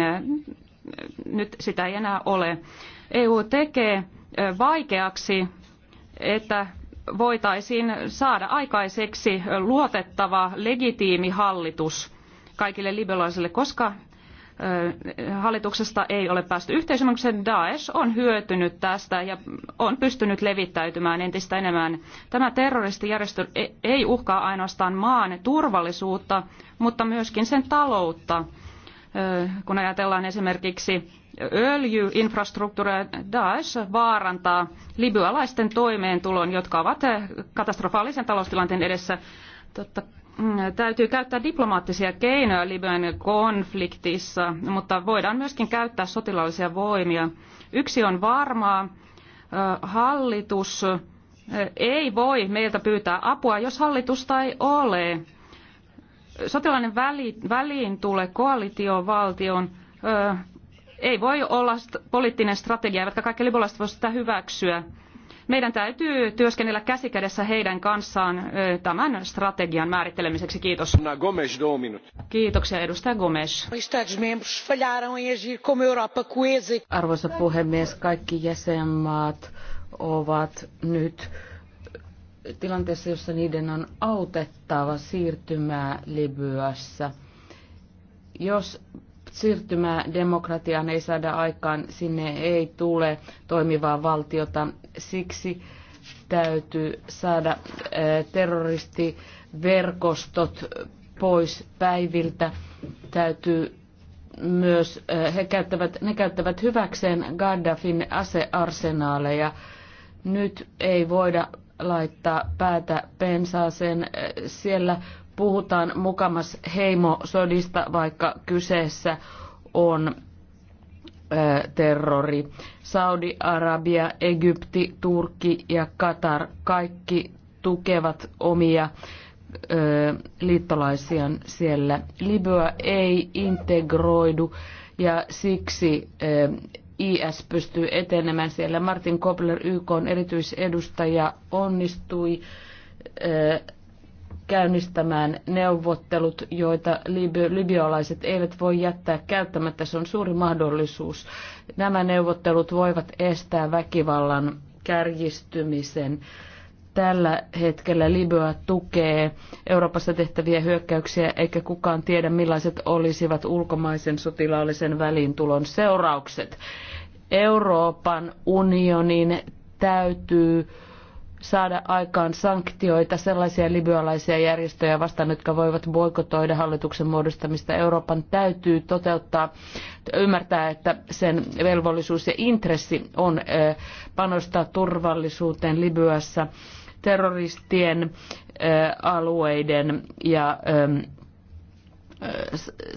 nyt sitä ei enää ole. EU tekee vaikeaksi, että voitaisiin saada aikaiseksi luotettava, legitiimi hallitus kaikille liberalaisille, koska hallituksesta ei ole päästy yhteisymmärrykseen. Daesh on hyötynyt tästä ja on pystynyt levittäytymään entistä enemmän. Tämä terroristijärjestö e, ei uhkaa ainoastaan maan turvallisuutta, mutta myöskin sen taloutta. Kun ajatellaan esimerkiksi öljyinfrastruktuuria, Daesh vaarantaa libyalaisten toimeentulon, jotka ovat katastrofaalisen taloustilanteen edessä. Totta Mm, täytyy käyttää diplomaattisia keinoja Libyan konfliktissa, mutta voidaan myöskin käyttää sotilaallisia voimia. Yksi on varmaa, hallitus ei voi meiltä pyytää apua, jos hallitusta ei ole. Sotilainen väli, väliin tulee koalitiovaltion ei voi olla poliittinen strategia, eivätkä kaikki libolaiset voi sitä hyväksyä. Meidän täytyy työskennellä käsikädessä heidän kanssaan tämän strategian määrittelemiseksi. Kiitos. Gomes, um Kiitoksia edustaja Gomes. Arvoisa puhemies, kaikki jäsenmaat ovat nyt tilanteessa, jossa niiden on autettava siirtymää Libyassa. Jos siirtymää demokratiaan ei saada aikaan, sinne ei tule toimivaa valtiota siksi täytyy saada terroristiverkostot pois päiviltä. Täytyy myös, he käyttävät, ne käyttävät hyväkseen Gaddafin asearsenaaleja. Nyt ei voida laittaa päätä pensaaseen. Siellä puhutaan mukamas heimosodista, vaikka kyseessä on terrori. Saudi-Arabia, Egypti, Turkki ja Katar kaikki tukevat omia liittolaisiaan siellä. Libya ei integroidu ja siksi IS pystyy etenemään siellä. Martin Kobler, YK on erityisedustaja, onnistui käynnistämään neuvottelut, joita libiolaiset eivät voi jättää käyttämättä. Se on suuri mahdollisuus. Nämä neuvottelut voivat estää väkivallan kärjistymisen. Tällä hetkellä Libya tukee Euroopassa tehtäviä hyökkäyksiä, eikä kukaan tiedä millaiset olisivat ulkomaisen sotilaallisen väliintulon seuraukset. Euroopan unionin täytyy saada aikaan sanktioita sellaisia libyalaisia järjestöjä vastaan, jotka voivat boikotoida hallituksen muodostamista. Euroopan täytyy toteuttaa, ymmärtää, että sen velvollisuus ja intressi on panostaa turvallisuuteen Libyassa terroristien alueiden ja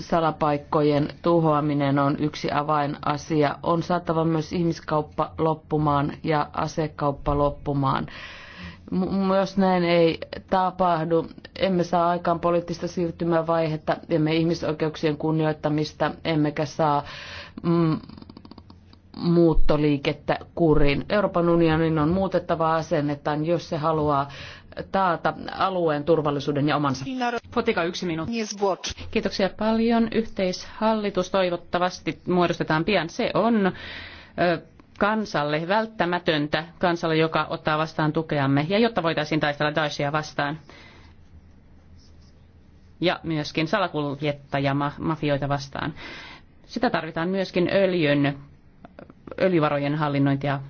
salapaikkojen tuhoaminen on yksi avainasia. On saatava myös ihmiskauppa loppumaan ja asekauppa loppumaan. Jos näin ei tapahdu, emme saa aikaan poliittista siirtymävaihetta, emme ihmisoikeuksien kunnioittamista, emmekä saa mm, muuttoliikettä kuriin. Euroopan unionin on muutettava asennetta, jos se haluaa taata alueen turvallisuuden ja omansa. Fotika yksi minuutti. Kiitoksia paljon. Yhteishallitus toivottavasti muodostetaan pian. Se on kansalle välttämätöntä, kansalle, joka ottaa vastaan tukeamme, ja jotta voitaisiin taistella Daeshia vastaan. Ja myöskin mafioita vastaan. Sitä tarvitaan myöskin öljyn, öljyvarojen hallinnointia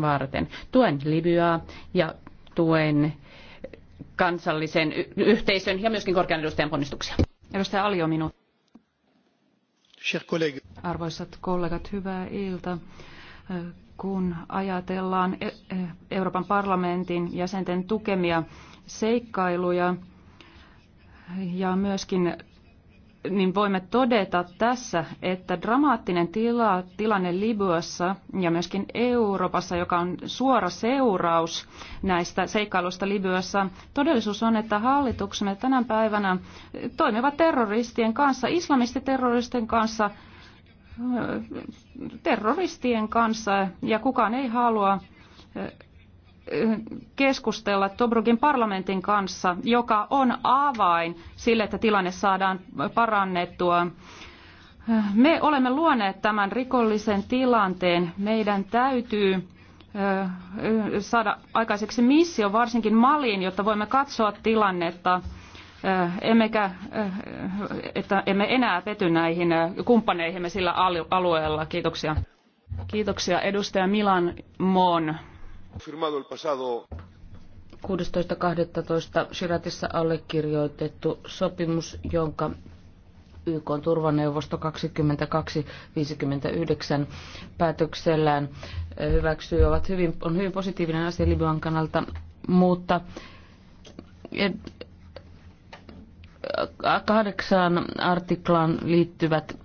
varten. Tuen Libyaa ja tuen kansallisen yhteisön ja myöskin korkean edustajan ponnistuksia. Edustaja Alio, Arvoisat kollegat, hyvää iltaa kun ajatellaan e- e- Euroopan parlamentin jäsenten tukemia seikkailuja ja myöskin niin voimme todeta tässä, että dramaattinen tila, tilanne Libyassa ja myöskin Euroopassa, joka on suora seuraus näistä seikkailusta Libyassa, todellisuus on, että hallituksemme tänä päivänä toimivat terroristien kanssa, islamistiterroristien kanssa, terroristien kanssa, ja kukaan ei halua keskustella Tobrugin parlamentin kanssa, joka on avain sille, että tilanne saadaan parannettua. Me olemme luoneet tämän rikollisen tilanteen. Meidän täytyy saada aikaiseksi missio varsinkin Maliin, jotta voimme katsoa tilannetta, emmekä, että emme enää pety näihin kumppaneihimme sillä alueella. Kiitoksia. Kiitoksia edustaja Milan Mon. 16.12. Shiratissa allekirjoitettu sopimus, jonka YK turvaneuvosto 2259 päätöksellään eh, hyväksyy, ovat hyvin, on hyvin positiivinen asia Libyan kannalta, mutta kahdeksaan artiklaan liittyvät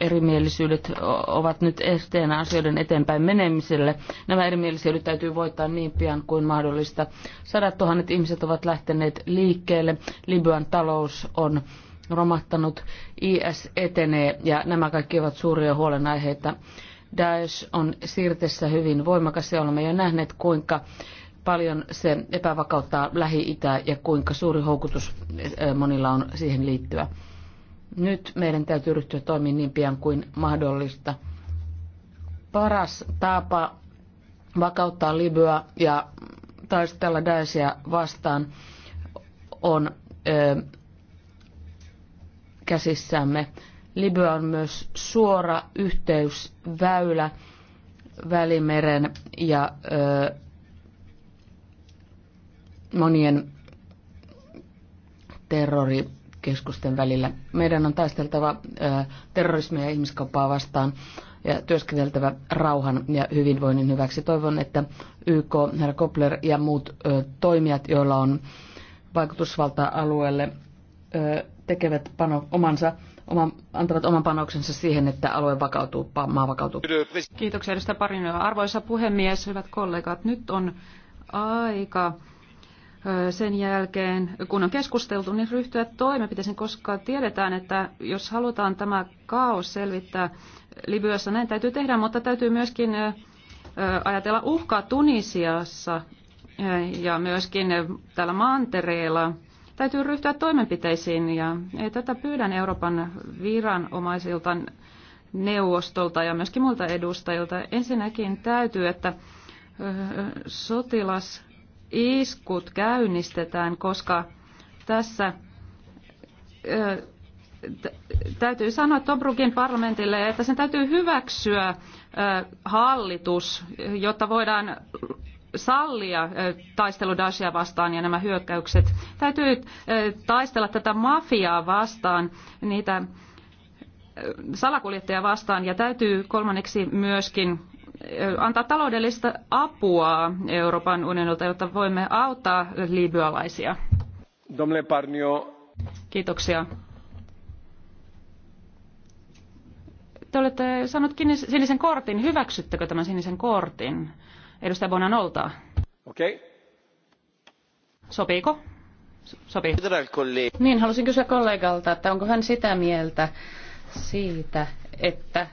erimielisyydet ovat nyt esteenä asioiden eteenpäin menemiselle. Nämä erimielisyydet täytyy voittaa niin pian kuin mahdollista. Sadat tuhannet ihmiset ovat lähteneet liikkeelle. Libyan talous on romahtanut. IS etenee ja nämä kaikki ovat suuria huolenaiheita. Daesh on siirtessä hyvin voimakas ja olemme jo nähneet, kuinka paljon se epävakauttaa Lähi-Itää ja kuinka suuri houkutus eh, monilla on siihen liittyä. Nyt meidän täytyy ryhtyä toimiin niin pian kuin mahdollista. Paras tapa vakauttaa libyä ja taistella Daesia vastaan on ö, eh, käsissämme. Libya on myös suora yhteysväylä Välimeren ja ö, eh, monien terrorikeskusten välillä. Meidän on taisteltava terrorismia ja ihmiskauppaa vastaan ja työskenteltävä rauhan ja hyvinvoinnin hyväksi. Toivon, että YK, herra Kopler ja muut toimijat, joilla on vaikutusvalta alueelle, tekevät pano, omansa, oman, antavat oman panoksensa siihen, että alue vakautuu, maa vakautuu. Kiitoksia edustaja Parinoa. Arvoisa puhemies, hyvät kollegat, nyt on aika sen jälkeen, kun on keskusteltu, niin ryhtyä toimenpiteisiin, koska tiedetään, että jos halutaan tämä kaos selvittää Libyassa, näin täytyy tehdä, mutta täytyy myöskin ajatella uhkaa Tunisiassa ja myöskin täällä mantereella. Täytyy ryhtyä toimenpiteisiin ja tätä pyydän Euroopan viranomaisilta neuvostolta ja myöskin muilta edustajilta. Ensinnäkin täytyy, että sotilas iskut käynnistetään, koska tässä täytyy sanoa Tobrukin parlamentille, että sen täytyy hyväksyä hallitus, jotta voidaan sallia taistelu Dashia vastaan ja nämä hyökkäykset. Täytyy taistella tätä mafiaa vastaan, niitä salakuljettajia vastaan ja täytyy kolmanneksi myöskin antaa taloudellista apua Euroopan unionilta, jotta voimme auttaa libyalaisia. Domnule Parnio. Kiitoksia. Te olette saanut sinisen kortin. Hyväksyttekö tämän sinisen kortin? Edustaja Bonanolta. Okei. Okay. Sopiiko? Sopii. Niin, halusin kysyä kollegalta, että onko hän sitä mieltä siitä, että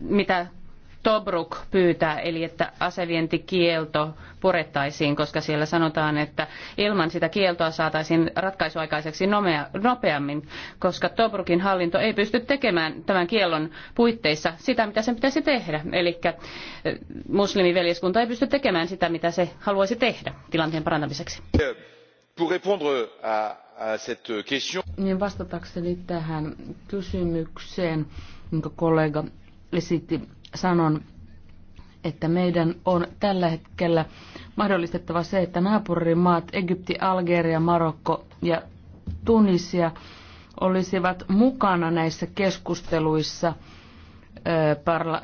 mitä Tobruk pyytää, eli että asevientikielto purettaisiin, koska siellä sanotaan, että ilman sitä kieltoa saataisiin ratkaisu aikaiseksi nopeammin, koska Tobrukin hallinto ei pysty tekemään tämän kiellon puitteissa sitä, mitä sen pitäisi tehdä. Eli eh, muslimiveljeskunta ei pysty tekemään sitä, mitä se haluaisi tehdä tilanteen parantamiseksi. Niin vastatakseni tähän kysymykseen, jonka kollega esitti sanon, että meidän on tällä hetkellä mahdollistettava se, että naapurimaat Egypti, Algeria, Marokko ja Tunisia olisivat mukana näissä keskusteluissa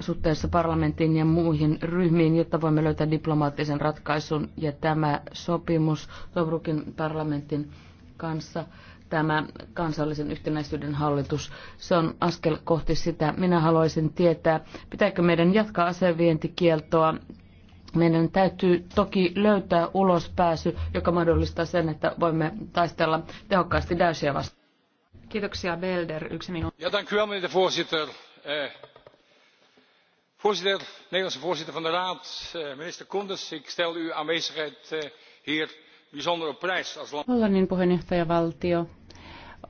suhteessa parlamenttiin ja muihin ryhmiin, jotta voimme löytää diplomaattisen ratkaisun. Ja tämä sopimus Tobrukin parlamentin kanssa tämä kansallisen yhtenäisyyden hallitus. Se on askel kohti sitä. Minä haluaisin tietää, pitääkö meidän jatkaa asevientikieltoa meidän täytyy toki löytää ulospääsy, joka mahdollistaa sen, että voimme taistella tehokkaasti Daeshia vastaan. Kiitoksia, Belder. Yksi minuutti. Ja tämän kyllä, wel, meneer voorzitter. Eh, voorzitter, Nederlandse voorzitter van de Raad, eh, minister Koenders, ik stel uw aanwezigheid eh, hier bijzonder op prijs. Als Hollannin puheenjohtajavaltio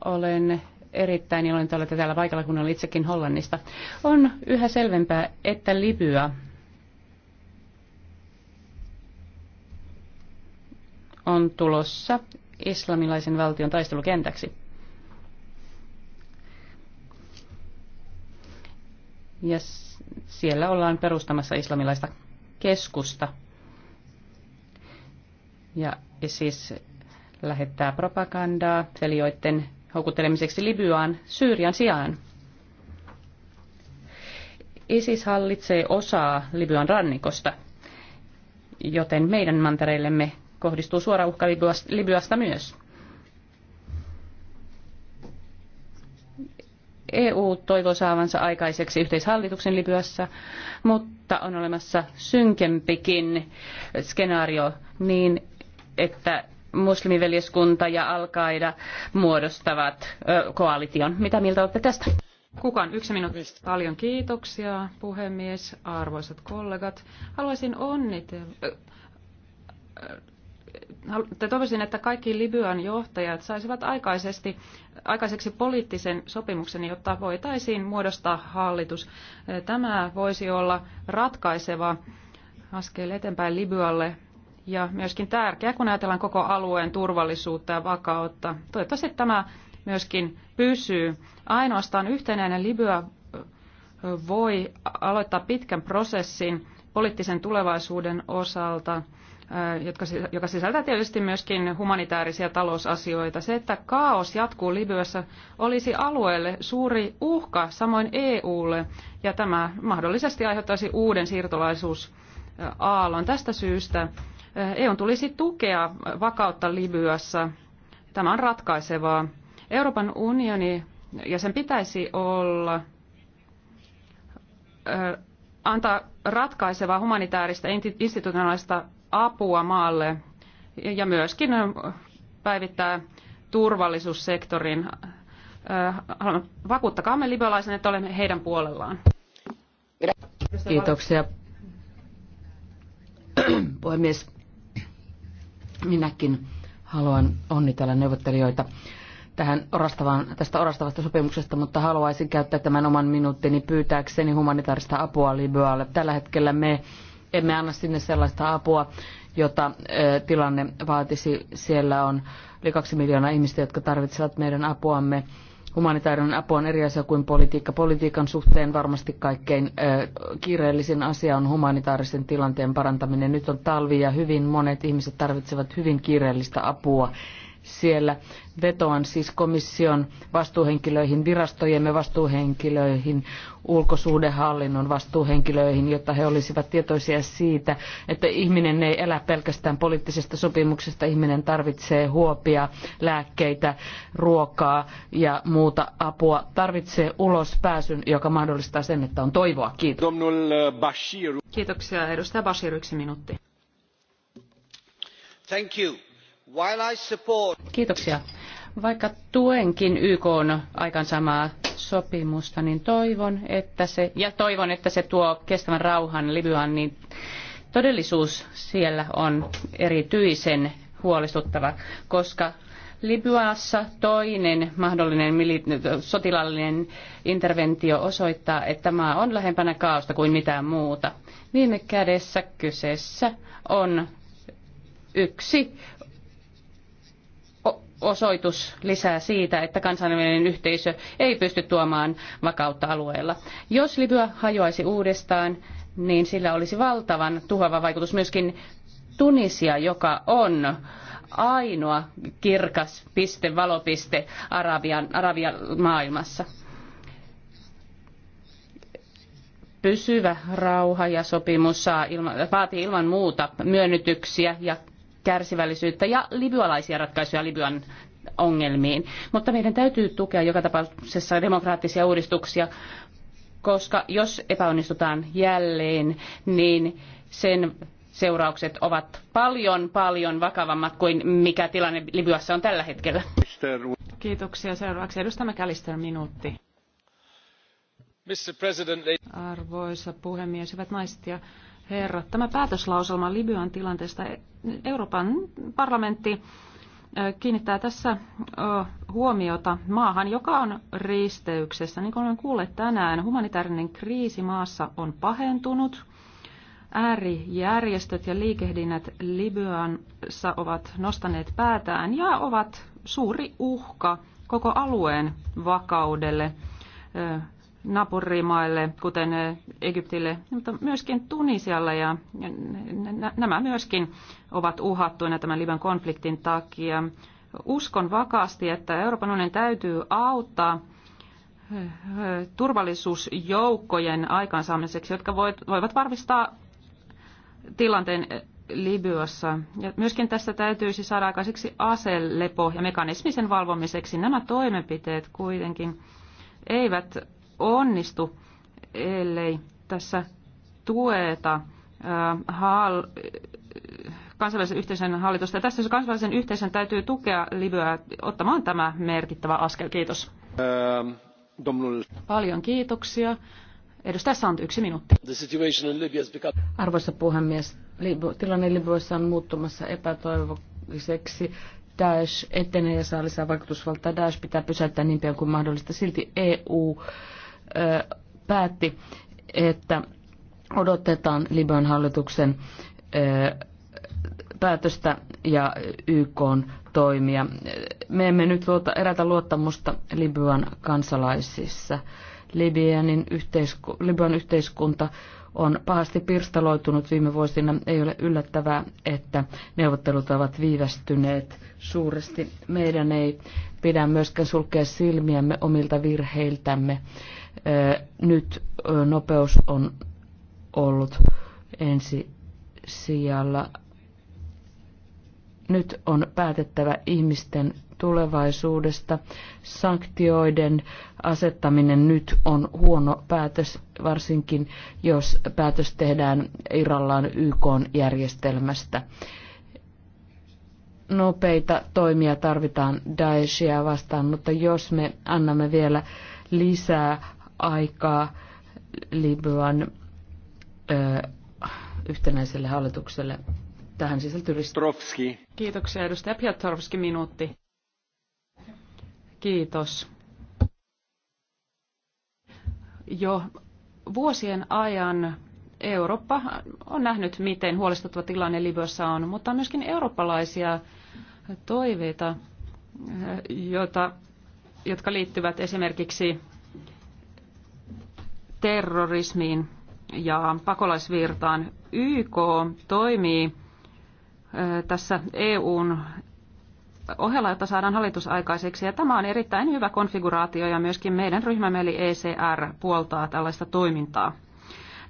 olen erittäin iloinen, että olette täällä paikalla, kun olen itsekin Hollannista. On yhä selvempää, että Libya on tulossa islamilaisen valtion taistelukentäksi. Ja siellä ollaan perustamassa islamilaista keskusta. Ja siis lähettää propagandaa felioiden houkuttelemiseksi Libyaan Syyrian sijaan. ISIS hallitsee osaa Libyan rannikosta, joten meidän mantereillemme kohdistuu suora uhka Libyasta myös. EU toivoo saavansa aikaiseksi yhteishallituksen Libyassa, mutta on olemassa synkempikin skenaario niin, että muslimiveljeskunta ja Al-Qaida muodostavat koalition. Mitä mieltä olette tästä? Kukaan yksi minuutti. Paljon kiitoksia, puhemies, arvoisat kollegat. Haluaisin onnitella... Toivoisin, että kaikki Libyan johtajat saisivat aikaisesti, aikaiseksi poliittisen sopimuksen, jotta voitaisiin muodostaa hallitus. Tämä voisi olla ratkaiseva askel eteenpäin Libyalle ja myöskin tärkeä, kun ajatellaan koko alueen turvallisuutta ja vakautta. Toivottavasti tämä myöskin pysyy. Ainoastaan yhtenäinen Libya voi aloittaa pitkän prosessin poliittisen tulevaisuuden osalta, joka sisältää tietysti myöskin humanitaarisia talousasioita. Se, että kaos jatkuu Libyassa, olisi alueelle suuri uhka, samoin EUlle, ja tämä mahdollisesti aiheuttaisi uuden siirtolaisuusaallon. Tästä syystä EUn tulisi tukea vakautta Libyassa. Tämä on ratkaisevaa. Euroopan unioni ja sen pitäisi olla antaa ratkaisevaa humanitaarista institutionaalista apua maalle ja myöskin päivittää turvallisuussektorin. Vakuuttakaamme libyalaisen, että olemme heidän puolellaan. Kiitoksia. Puhemies, Minäkin haluan onnitella neuvottelijoita tähän orastavaan, tästä orastavasta sopimuksesta, mutta haluaisin käyttää tämän oman minuuttini pyytääkseni humanitaarista apua Libyalle. Tällä hetkellä me emme anna sinne sellaista apua, jota tilanne vaatisi. Siellä on yli kaksi miljoonaa ihmistä, jotka tarvitsevat meidän apuamme. Humanitaarinen apu on eri asia kuin politiikka. Politiikan suhteen varmasti kaikkein kiireellisin asia on humanitaarisen tilanteen parantaminen. Nyt on talvi ja hyvin monet ihmiset tarvitsevat hyvin kiireellistä apua siellä. Vetoan siis komission vastuuhenkilöihin, virastojemme vastuuhenkilöihin, ulkosuhdehallinnon vastuuhenkilöihin, jotta he olisivat tietoisia siitä, että ihminen ei elä pelkästään poliittisesta sopimuksesta. Ihminen tarvitsee huopia, lääkkeitä, ruokaa ja muuta apua. Tarvitsee ulospääsyn, joka mahdollistaa sen, että on toivoa. Kiitos. Eh, Kiitoksia. Edustaja Bashir, yksi minuutti. Thank you. Kiitoksia. Vaikka tuenkin YK on aikansamaa sopimusta, niin toivon, että se, ja toivon, että se tuo kestävän rauhan Libyan, niin todellisuus siellä on erityisen huolestuttava, koska Libyassa toinen mahdollinen sotilaallinen interventio osoittaa, että maa on lähempänä kaaosta kuin mitään muuta. Viime kädessä kyseessä on yksi osoitus lisää siitä, että kansainvälinen yhteisö ei pysty tuomaan vakautta alueella. Jos Libya hajoaisi uudestaan, niin sillä olisi valtavan tuhoava vaikutus myöskin Tunisia, joka on ainoa kirkas piste, valopiste Arabian, Arabian maailmassa. Pysyvä rauha ja sopimus saa ilma, vaatii ilman muuta myönnytyksiä ja kärsivällisyyttä ja libyalaisia ratkaisuja Libyan ongelmiin. Mutta meidän täytyy tukea joka tapauksessa demokraattisia uudistuksia, koska jos epäonnistutaan jälleen, niin sen seuraukset ovat paljon paljon vakavammat kuin mikä tilanne Libyassa on tällä hetkellä. Kiitoksia. Seuraavaksi edustamme Callister minuutti. Arvoisa puhemies, hyvät naiset ja herra. Tämä päätöslauselma Libyan tilanteesta e, Euroopan parlamentti e, kiinnittää tässä huomiota maahan, joka on risteyksessä. Niin kuin olen kuullut tänään, humanitaarinen kriisi maassa on pahentunut. Äärijärjestöt ja liikehdinnät Libyassa ovat nostaneet päätään ja ovat suuri uhka koko alueen vakaudelle naapurimaille, kuten eh, Egyptille, mutta myöskin Tunisialle. Ja nämä myöskin ovat uhattuina tämän Liban konfliktin takia. Uskon vakaasti, että Euroopan unionin täytyy auttaa eh, turvallisuusjoukkojen aikaansaamiseksi, jotka voivat varmistaa tilanteen eh, Libyassa. Ja myöskin tässä täytyisi saada aikaiseksi aselepo ja mekanismisen valvomiseksi. Nämä toimenpiteet kuitenkin eivät onnistu, ellei tässä tueta hal- kansainvälisen yhteisön hallitusta. Ja tässä se kansainvälisen yhteisön täytyy tukea Libyaa ottamaan tämä merkittävä askel. Kiitos. Ähm, Paljon kiitoksia. Edustaja Sant, yksi minuutti. Become... Arvoisa puhemies, tilanne Libyassa on muuttumassa epätoivoiseksi. Daesh etenee ja saa lisää vaikutusvaltaa. Daesh pitää pysäyttää niin pian kuin mahdollista. Silti EU päätti, että odotetaan Libyan hallituksen päätöstä ja YK toimia. Me emme nyt luota, erätä luottamusta Libyan kansalaisissa. Libyanin yhteisku, Libyan yhteiskunta on pahasti pirstaloitunut viime vuosina. Ei ole yllättävää, että neuvottelut ovat viivästyneet suuresti. Meidän ei pidä myöskään sulkea silmiämme omilta virheiltämme. Nyt nopeus on ollut ensi sijalla. Nyt on päätettävä ihmisten tulevaisuudesta. Sanktioiden asettaminen nyt on huono päätös, varsinkin jos päätös tehdään Irallaan YK-järjestelmästä. Nopeita toimia tarvitaan Daeshia vastaan, mutta jos me annamme vielä lisää aikaa Libyan ö, yhtenäiselle hallitukselle. Tähän sisältyy Piotrovski. Kiitoksia edustaja Piotrovski, minuutti. Kiitos. Jo vuosien ajan Eurooppa on nähnyt, miten huolestuttava tilanne Libyassa on, mutta on myöskin eurooppalaisia toiveita, joita, jotka liittyvät esimerkiksi terrorismiin ja pakolaisvirtaan. YK toimii tässä EUn ohella, jotta saadaan hallitusaikaiseksi. Ja tämä on erittäin hyvä konfiguraatio ja myöskin meidän ryhmämme eli ECR puoltaa tällaista toimintaa.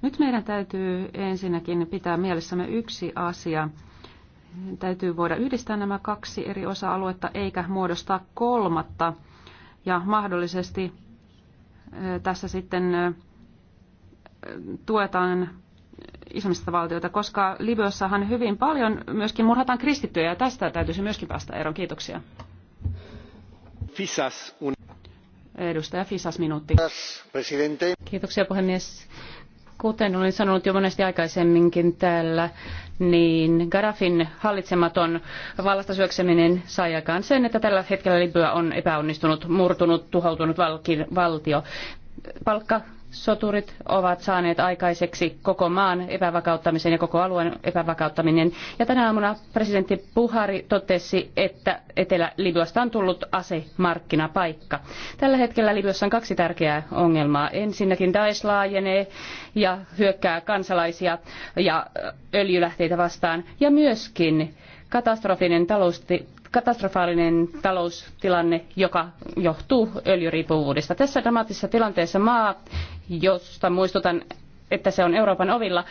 Nyt meidän täytyy ensinnäkin pitää mielessämme yksi asia. Täytyy voida yhdistää nämä kaksi eri osa-aluetta eikä muodostaa kolmatta. Ja mahdollisesti tässä sitten tuetaan islamista valtiota, koska Libyassahan hyvin paljon myöskin murhataan kristittyjä ja tästä täytyisi myöskin päästä eroon. Kiitoksia. Fisas. Un... Edustaja Fisas, minuutti. Presidente. Kiitoksia puhemies. Kuten olin sanonut jo monesti aikaisemminkin täällä, niin Garafin hallitsematon vallasta syökseminen sai aikaan sen, että tällä hetkellä Libya on epäonnistunut, murtunut, tuhoutunut valtio. Palkka soturit ovat saaneet aikaiseksi koko maan epävakauttamisen ja koko alueen epävakauttaminen. Ja tänä aamuna presidentti Buhari totesi, että Etelä-Libyasta on tullut asemarkkinapaikka. Tällä hetkellä Libyassa on kaksi tärkeää ongelmaa. Ensinnäkin Daesh laajenee ja hyökkää kansalaisia ja öljylähteitä vastaan ja myöskin katastrofinen talousti, katastrofaalinen taloustilanne, joka johtuu öljyriippuvuudesta. Tässä dramaattisessa tilanteessa maa, josta muistutan, että se on Euroopan ovilla,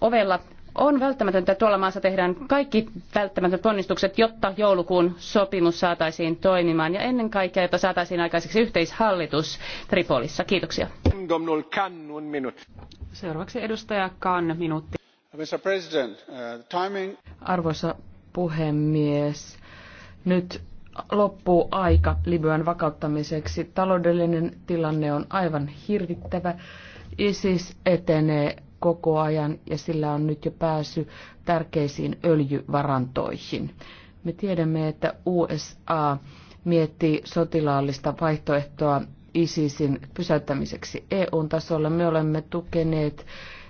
ovella, on välttämätöntä, että tuolla maassa tehdään kaikki välttämättömät ponnistukset, jotta joulukuun sopimus saataisiin toimimaan ja ennen kaikkea, jotta saataisiin aikaiseksi yhteishallitus Tripolissa. Kiitoksia. Seuraavaksi edustaja Kan, minuutti. Uh, Arvoisa puhemies, nyt loppuu aika Libyan vakauttamiseksi. Taloudellinen tilanne on aivan hirvittävä. ISIS etenee koko ajan ja sillä on nyt jo pääsy tärkeisiin öljyvarantoihin. Me tiedämme, että USA miettii sotilaallista vaihtoehtoa ISISin pysäyttämiseksi eu tasolla. Me olemme tukeneet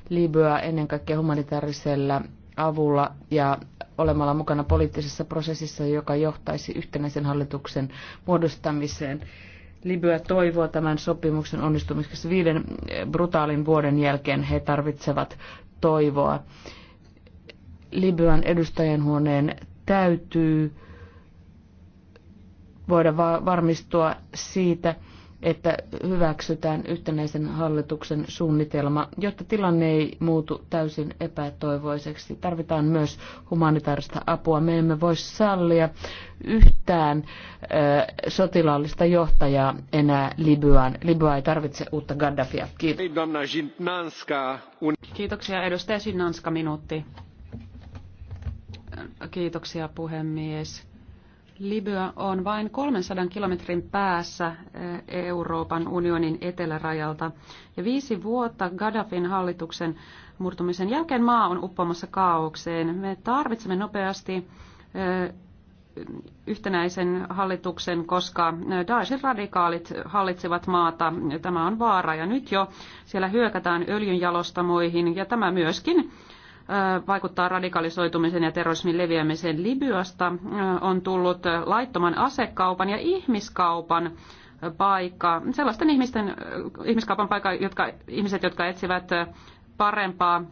Libyaa ennen kaikkea humanitaarisella avulla ja olemalla mukana poliittisessa prosessissa, joka johtaisi yhtenäisen hallituksen muodostamiseen. Libya toivoo tämän sopimuksen onnistumiseksi viiden brutaalin vuoden jälkeen. He tarvitsevat toivoa. Libyan edustajanhuoneen täytyy voida varmistua siitä, että hyväksytään yhtenäisen hallituksen suunnitelma, jotta tilanne ei muutu täysin epätoivoiseksi. Tarvitaan myös humanitaarista apua. Me emme voi sallia yhtään ö, sotilaallista johtajaa enää Libyaan. Libya ei tarvitse uutta Gaddafia. Kiitos. Kiitoksia. Edustaja Sinanska, minuutti. Kiitoksia puhemies Libya on vain 300 kilometrin päässä eh, Euroopan unionin etelärajalta. Ja viisi vuotta Gaddafin hallituksen murtumisen jälkeen maa on uppomassa kaaukseen. Me tarvitsemme nopeasti eh, yhtenäisen hallituksen, koska eh, Daeshin radikaalit hallitsevat maata. Tämä on vaara ja nyt jo siellä hyökätään öljynjalostamoihin ja tämä myöskin vaikuttaa radikalisoitumisen ja terrorismin leviämiseen Libyasta, on tullut laittoman asekaupan ja ihmiskaupan paikka. Sellaisten ihmisten, ihmiskaupan paikka, jotka, ihmiset, jotka etsivät parempaa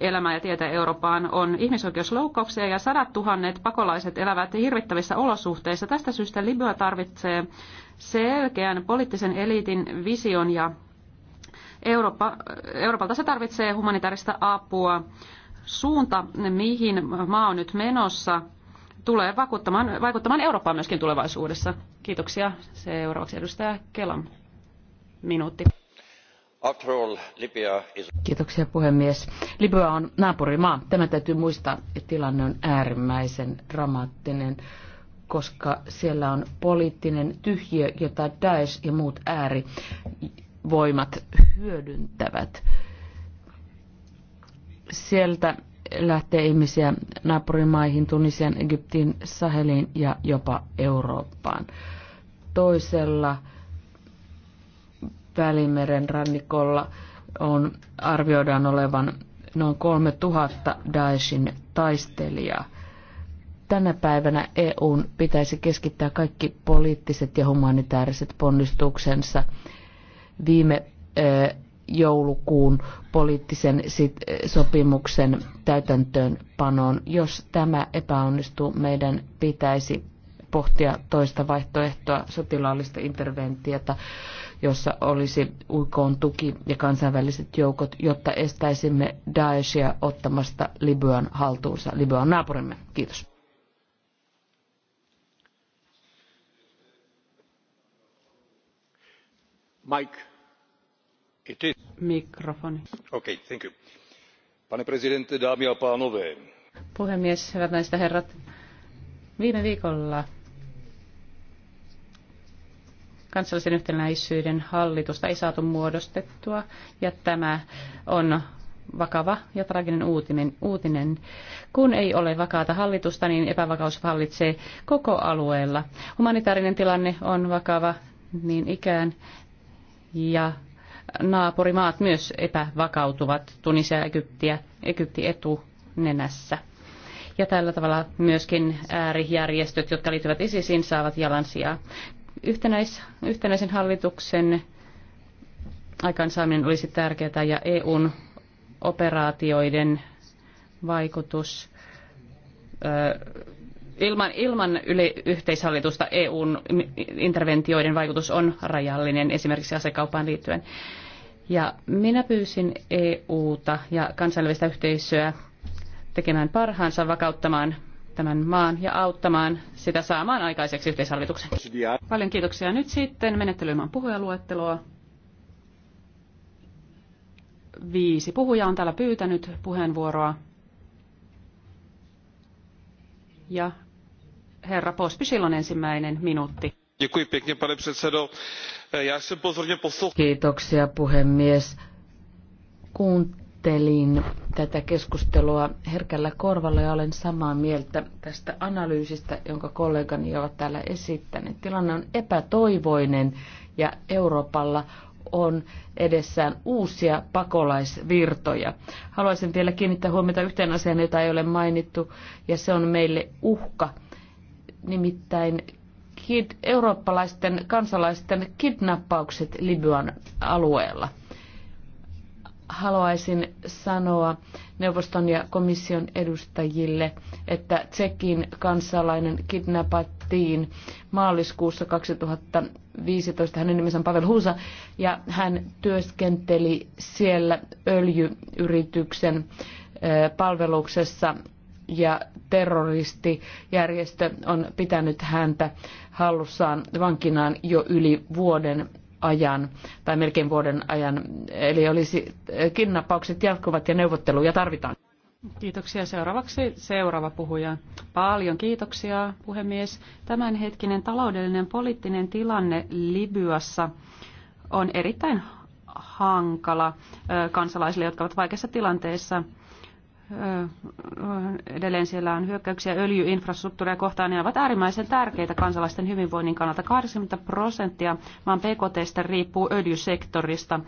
elämää ja tietä Eurooppaan on ihmisoikeusloukkauksia ja sadat tuhannet pakolaiset elävät hirvittävissä olosuhteissa. Tästä syystä Libya tarvitsee selkeän poliittisen eliitin vision ja Eurooppa, Euroopalta se tarvitsee humanitaarista apua. Suunta, mihin maa on nyt menossa, tulee vaikuttamaan, vaikuttamaan Eurooppaan myöskin tulevaisuudessa. Kiitoksia. Seuraavaksi edustaja Kelam. Minuutti. Kiitoksia puhemies. Libya on naapurimaa. Tämä täytyy muistaa, että tilanne on äärimmäisen dramaattinen, koska siellä on poliittinen tyhjiö, jota Daesh ja muut ääri voimat hyödyntävät. Sieltä lähtee ihmisiä naapurimaihin, Tunisian, Egyptiin, Saheliin ja jopa Eurooppaan. Toisella Välimeren rannikolla on, arvioidaan olevan noin 3000 Daeshin taistelijaa. Tänä päivänä EUn pitäisi keskittää kaikki poliittiset ja humanitaariset ponnistuksensa viime joulukuun poliittisen sit, sopimuksen täytäntöönpanoon. Jos tämä epäonnistuu, meidän pitäisi pohtia toista vaihtoehtoa sotilaallista interventiota, jossa olisi UKon tuki ja kansainväliset joukot, jotta estäisimme Daeshia ottamasta Libyan haltuunsa, Libyan naapurimme. Kiitos. Mike. Mikrofoni. Pane presidente, Puhemies, hyvät naiset ja herrat. Viime viikolla kansallisen yhtenäisyyden hallitusta ei saatu muodostettua ja tämä on vakava ja traaginen uutinen, uutinen. Kun ei ole vakaata hallitusta, niin epävakaus hallitsee koko alueella. Humanitaarinen tilanne on vakava niin ikään ja naapurimaat myös epävakautuvat, Tunisia ja Egyptiä, Egypti etunenässä. Ja tällä tavalla myöskin äärijärjestöt, jotka liittyvät ISISiin, saavat jalansijaa. Yhtenäis, yhtenäisen hallituksen aikaansaaminen olisi tärkeää ja EUn operaatioiden vaikutus ilman, ilman yli yhteishallitusta EUn interventioiden vaikutus on rajallinen esimerkiksi asekaupaan liittyen. Ja minä pyysin EUta ja kansainvälistä yhteisöä tekemään parhaansa vakauttamaan tämän maan ja auttamaan sitä saamaan aikaiseksi yhteishallituksen. Paljon kiitoksia. Nyt sitten menettelymään puhujaluetteloa. Viisi puhujaa on täällä pyytänyt puheenvuoroa. Ja herra Pospisil ensimmäinen minuutti. Kiitoksia puhemies. Kuuntelin tätä keskustelua herkällä korvalla ja olen samaa mieltä tästä analyysistä, jonka kollegani ovat täällä esittäneet. Tilanne on epätoivoinen ja Euroopalla on edessään uusia pakolaisvirtoja. Haluaisin vielä kiinnittää huomiota yhteen asiaan, jota ei ole mainittu, ja se on meille uhka nimittäin kid, eurooppalaisten kansalaisten kidnappaukset Libyan alueella. Haluaisin sanoa neuvoston ja komission edustajille, että Tsekin kansalainen kidnappattiin maaliskuussa 2015. Hänen nimensä on Pavel Husa ja hän työskenteli siellä öljyyrityksen palveluksessa ja terroristijärjestö on pitänyt häntä hallussaan vankinaan jo yli vuoden ajan tai melkein vuoden ajan. Eli olisi, eh, kidnappaukset jatkuvat ja neuvotteluja tarvitaan. Kiitoksia. Seuraavaksi seuraava puhuja. Paljon kiitoksia, puhemies. Tämänhetkinen taloudellinen poliittinen tilanne Libyassa on erittäin hankala eh, kansalaisille, jotka ovat vaikeassa tilanteessa edelleen siellä on hyökkäyksiä öljyinfrastruktuuria kohtaan. Ne ovat äärimmäisen tärkeitä kansalaisten hyvinvoinnin kannalta. 80 prosenttia maan PKTstä riippuu öljysektorista.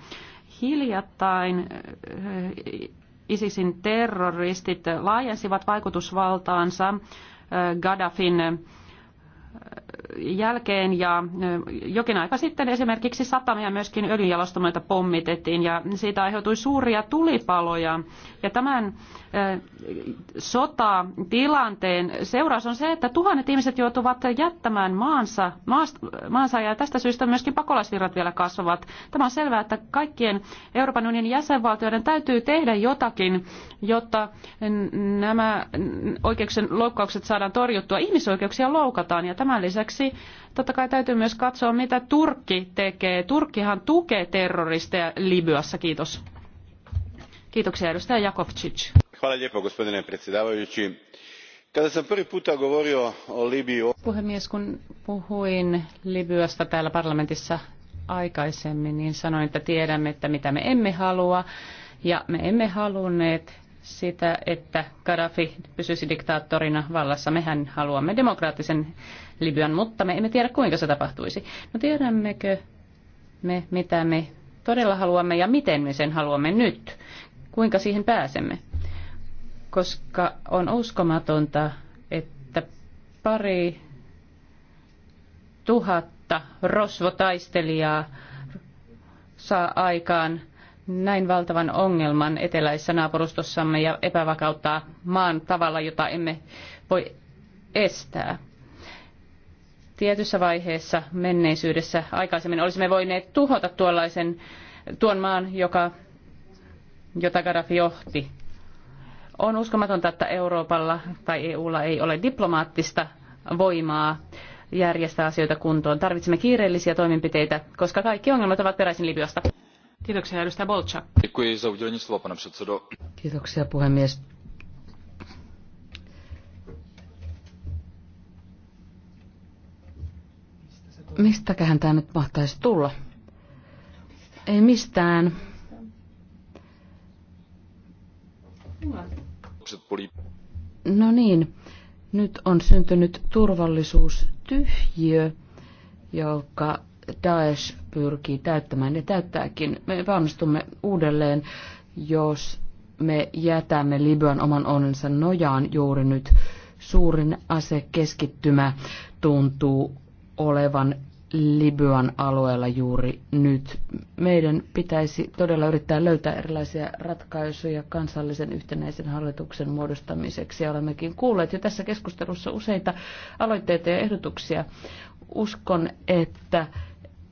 Hiljattain ISISin terroristit laajensivat vaikutusvaltaansa Gaddafin jälkeen ja jokin aika sitten esimerkiksi satamia myöskin öljynjalostamoita pommitettiin ja siitä aiheutui suuria tulipaloja. Ja tämän sotatilanteen seuraus on se, että tuhannet ihmiset joutuvat jättämään maansa, maansa ja tästä syystä myöskin pakolaisvirrat vielä kasvavat. Tämä on selvää, että kaikkien Euroopan unionin jäsenvaltioiden täytyy tehdä jotakin, jotta nämä oikeuksien loukkaukset saadaan torjuttua. Ihmisoikeuksia loukataan ja Tämän lisäksi totta kai täytyy myös katsoa, mitä Turkki tekee. Turkkihan tukee terroristeja Libyassa. Kiitos. Kiitoksia edustaja Jakovčić. Hvala lijepo gospodine predsjedavajući. Kada sam prvi puta govorio o Libiji... Puhemies, kun puhuin Libyasta täällä parlamentissa aikaisemmin, niin sanoin, että tiedämme, että mitä me emme halua. Ja me emme halunneet sitä, että Gaddafi pysyisi diktaattorina vallassa. Mehän haluamme demokraattisen Libyan, mutta me emme tiedä, kuinka se tapahtuisi. No tiedämmekö me, mitä me todella haluamme ja miten me sen haluamme nyt? Kuinka siihen pääsemme? Koska on uskomatonta, että pari tuhatta rosvotaistelijaa saa aikaan näin valtavan ongelman eteläisessä naapurustossamme ja epävakauttaa maan tavalla, jota emme voi estää. Tietyssä vaiheessa menneisyydessä aikaisemmin olisimme voineet tuhota tuollaisen, tuon maan, joka, jota Gaddafi johti. On uskomatonta, että Euroopalla tai EUlla ei ole diplomaattista voimaa järjestää asioita kuntoon. Tarvitsemme kiireellisiä toimenpiteitä, koska kaikki ongelmat ovat peräisin Libyasta. Kiitoksia, edustaja Bolchak. Kiitoksia, puhemies. Mistäköhän tämä nyt mahtaisi tulla? Ei mistään. No niin, nyt on syntynyt turvallisuustyhjiö, joka Daesh pyrkii täyttämään ja täyttääkin. Me epäonnistumme uudelleen, jos me jätämme Libyan oman onnensa nojaan juuri nyt. Suurin asekeskittymä tuntuu olevan Libyan alueella juuri nyt. Meidän pitäisi todella yrittää löytää erilaisia ratkaisuja kansallisen yhtenäisen hallituksen muodostamiseksi. Ja olemmekin kuulleet jo tässä keskustelussa useita aloitteita ja ehdotuksia. Uskon, että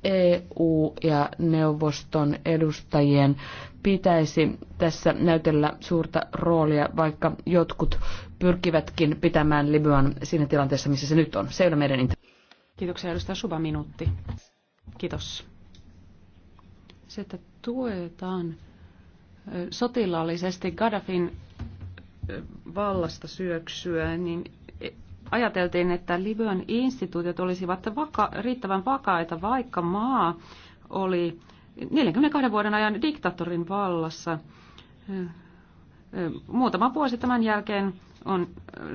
EU ja neuvoston edustajien pitäisi tässä näytellä suurta roolia, vaikka jotkut pyrkivätkin pitämään Libyan siinä tilanteessa, missä se nyt on. Se ei ole meidän inter- Kiitoksia, edustaja Suba, minuutti. Kiitos. Se, että tuetaan sotilaallisesti Gaddafin vallasta syöksyä, niin ajateltiin, että Libyan instituutiot olisivat vaka, riittävän vakaita, vaikka maa oli 42 vuoden ajan diktatorin vallassa. Muutama vuosi tämän jälkeen on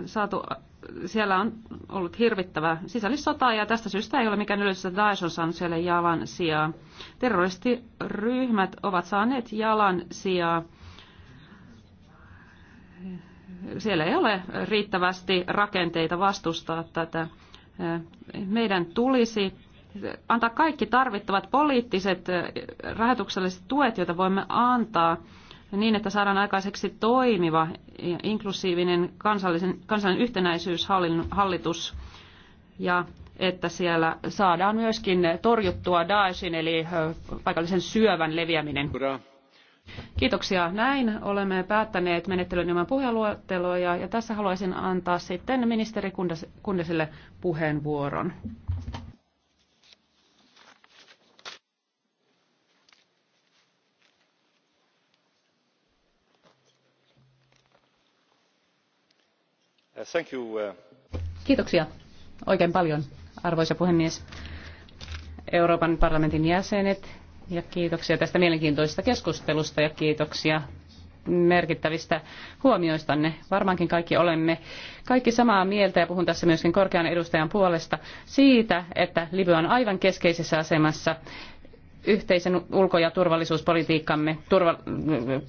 saatu, siellä on ollut hirvittävä sisällissota ja tästä syystä ei ole mikään yleisessä Daesh on saanut siellä jalan sijaa. Terroristiryhmät ovat saaneet jalan sijaa siellä ei ole riittävästi rakenteita vastustaa tätä. Meidän tulisi antaa kaikki tarvittavat poliittiset rahoitukselliset tuet, joita voimme antaa niin, että saadaan aikaiseksi toimiva ja inklusiivinen kansallisen, kansallinen yhtenäisyyshallitus ja että siellä saadaan myöskin torjuttua Daeshin eli paikallisen syövän leviäminen. Kiitoksia. Näin olemme päättäneet menettelyn ilman puheenluotteloja ja tässä haluaisin antaa sitten ministeri Kundesille puheenvuoron. Thank you. Uh, Kiitoksia oikein paljon, arvoisa puhemies. Euroopan parlamentin jäsenet, ja kiitoksia tästä mielenkiintoisesta keskustelusta ja kiitoksia merkittävistä huomioistanne. Varmaankin kaikki olemme kaikki samaa mieltä ja puhun tässä myöskin korkean edustajan puolesta siitä, että Libya on aivan keskeisessä asemassa yhteisen ulko- ja turvallisuuspolitiikkamme turva,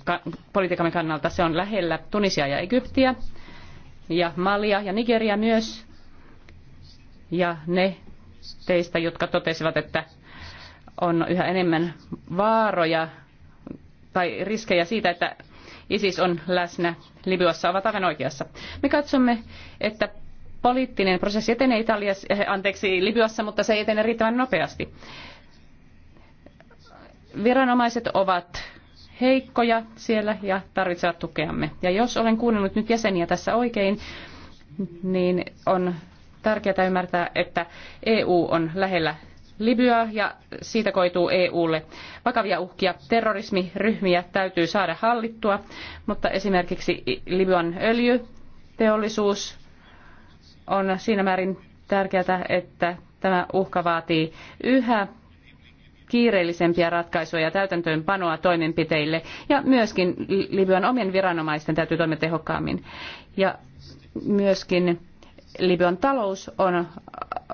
ka, politiikamme kannalta. Se on lähellä Tunisia ja Egyptiä ja Malia ja Nigeria myös. Ja ne teistä, jotka totesivat, että on yhä enemmän vaaroja tai riskejä siitä, että ISIS on läsnä Libyassa, ovat aivan oikeassa. Me katsomme, että poliittinen prosessi etenee Italiassa, eh, anteeksi, Libyassa, mutta se ei etene riittävän nopeasti. Viranomaiset ovat heikkoja siellä ja tarvitsevat tukeamme. Ja jos olen kuunnellut nyt jäseniä tässä oikein, niin on tärkeää ymmärtää, että EU on lähellä Libyaa ja siitä koituu EUlle. Vakavia uhkia terrorismiryhmiä täytyy saada hallittua, mutta esimerkiksi Libyan öljyteollisuus on siinä määrin tärkeää, että tämä uhka vaatii yhä kiireellisempiä ratkaisuja täytäntöönpanoa toimenpiteille ja myöskin Libyan omien viranomaisten täytyy toimia tehokkaammin. Ja myöskin Libyan talous on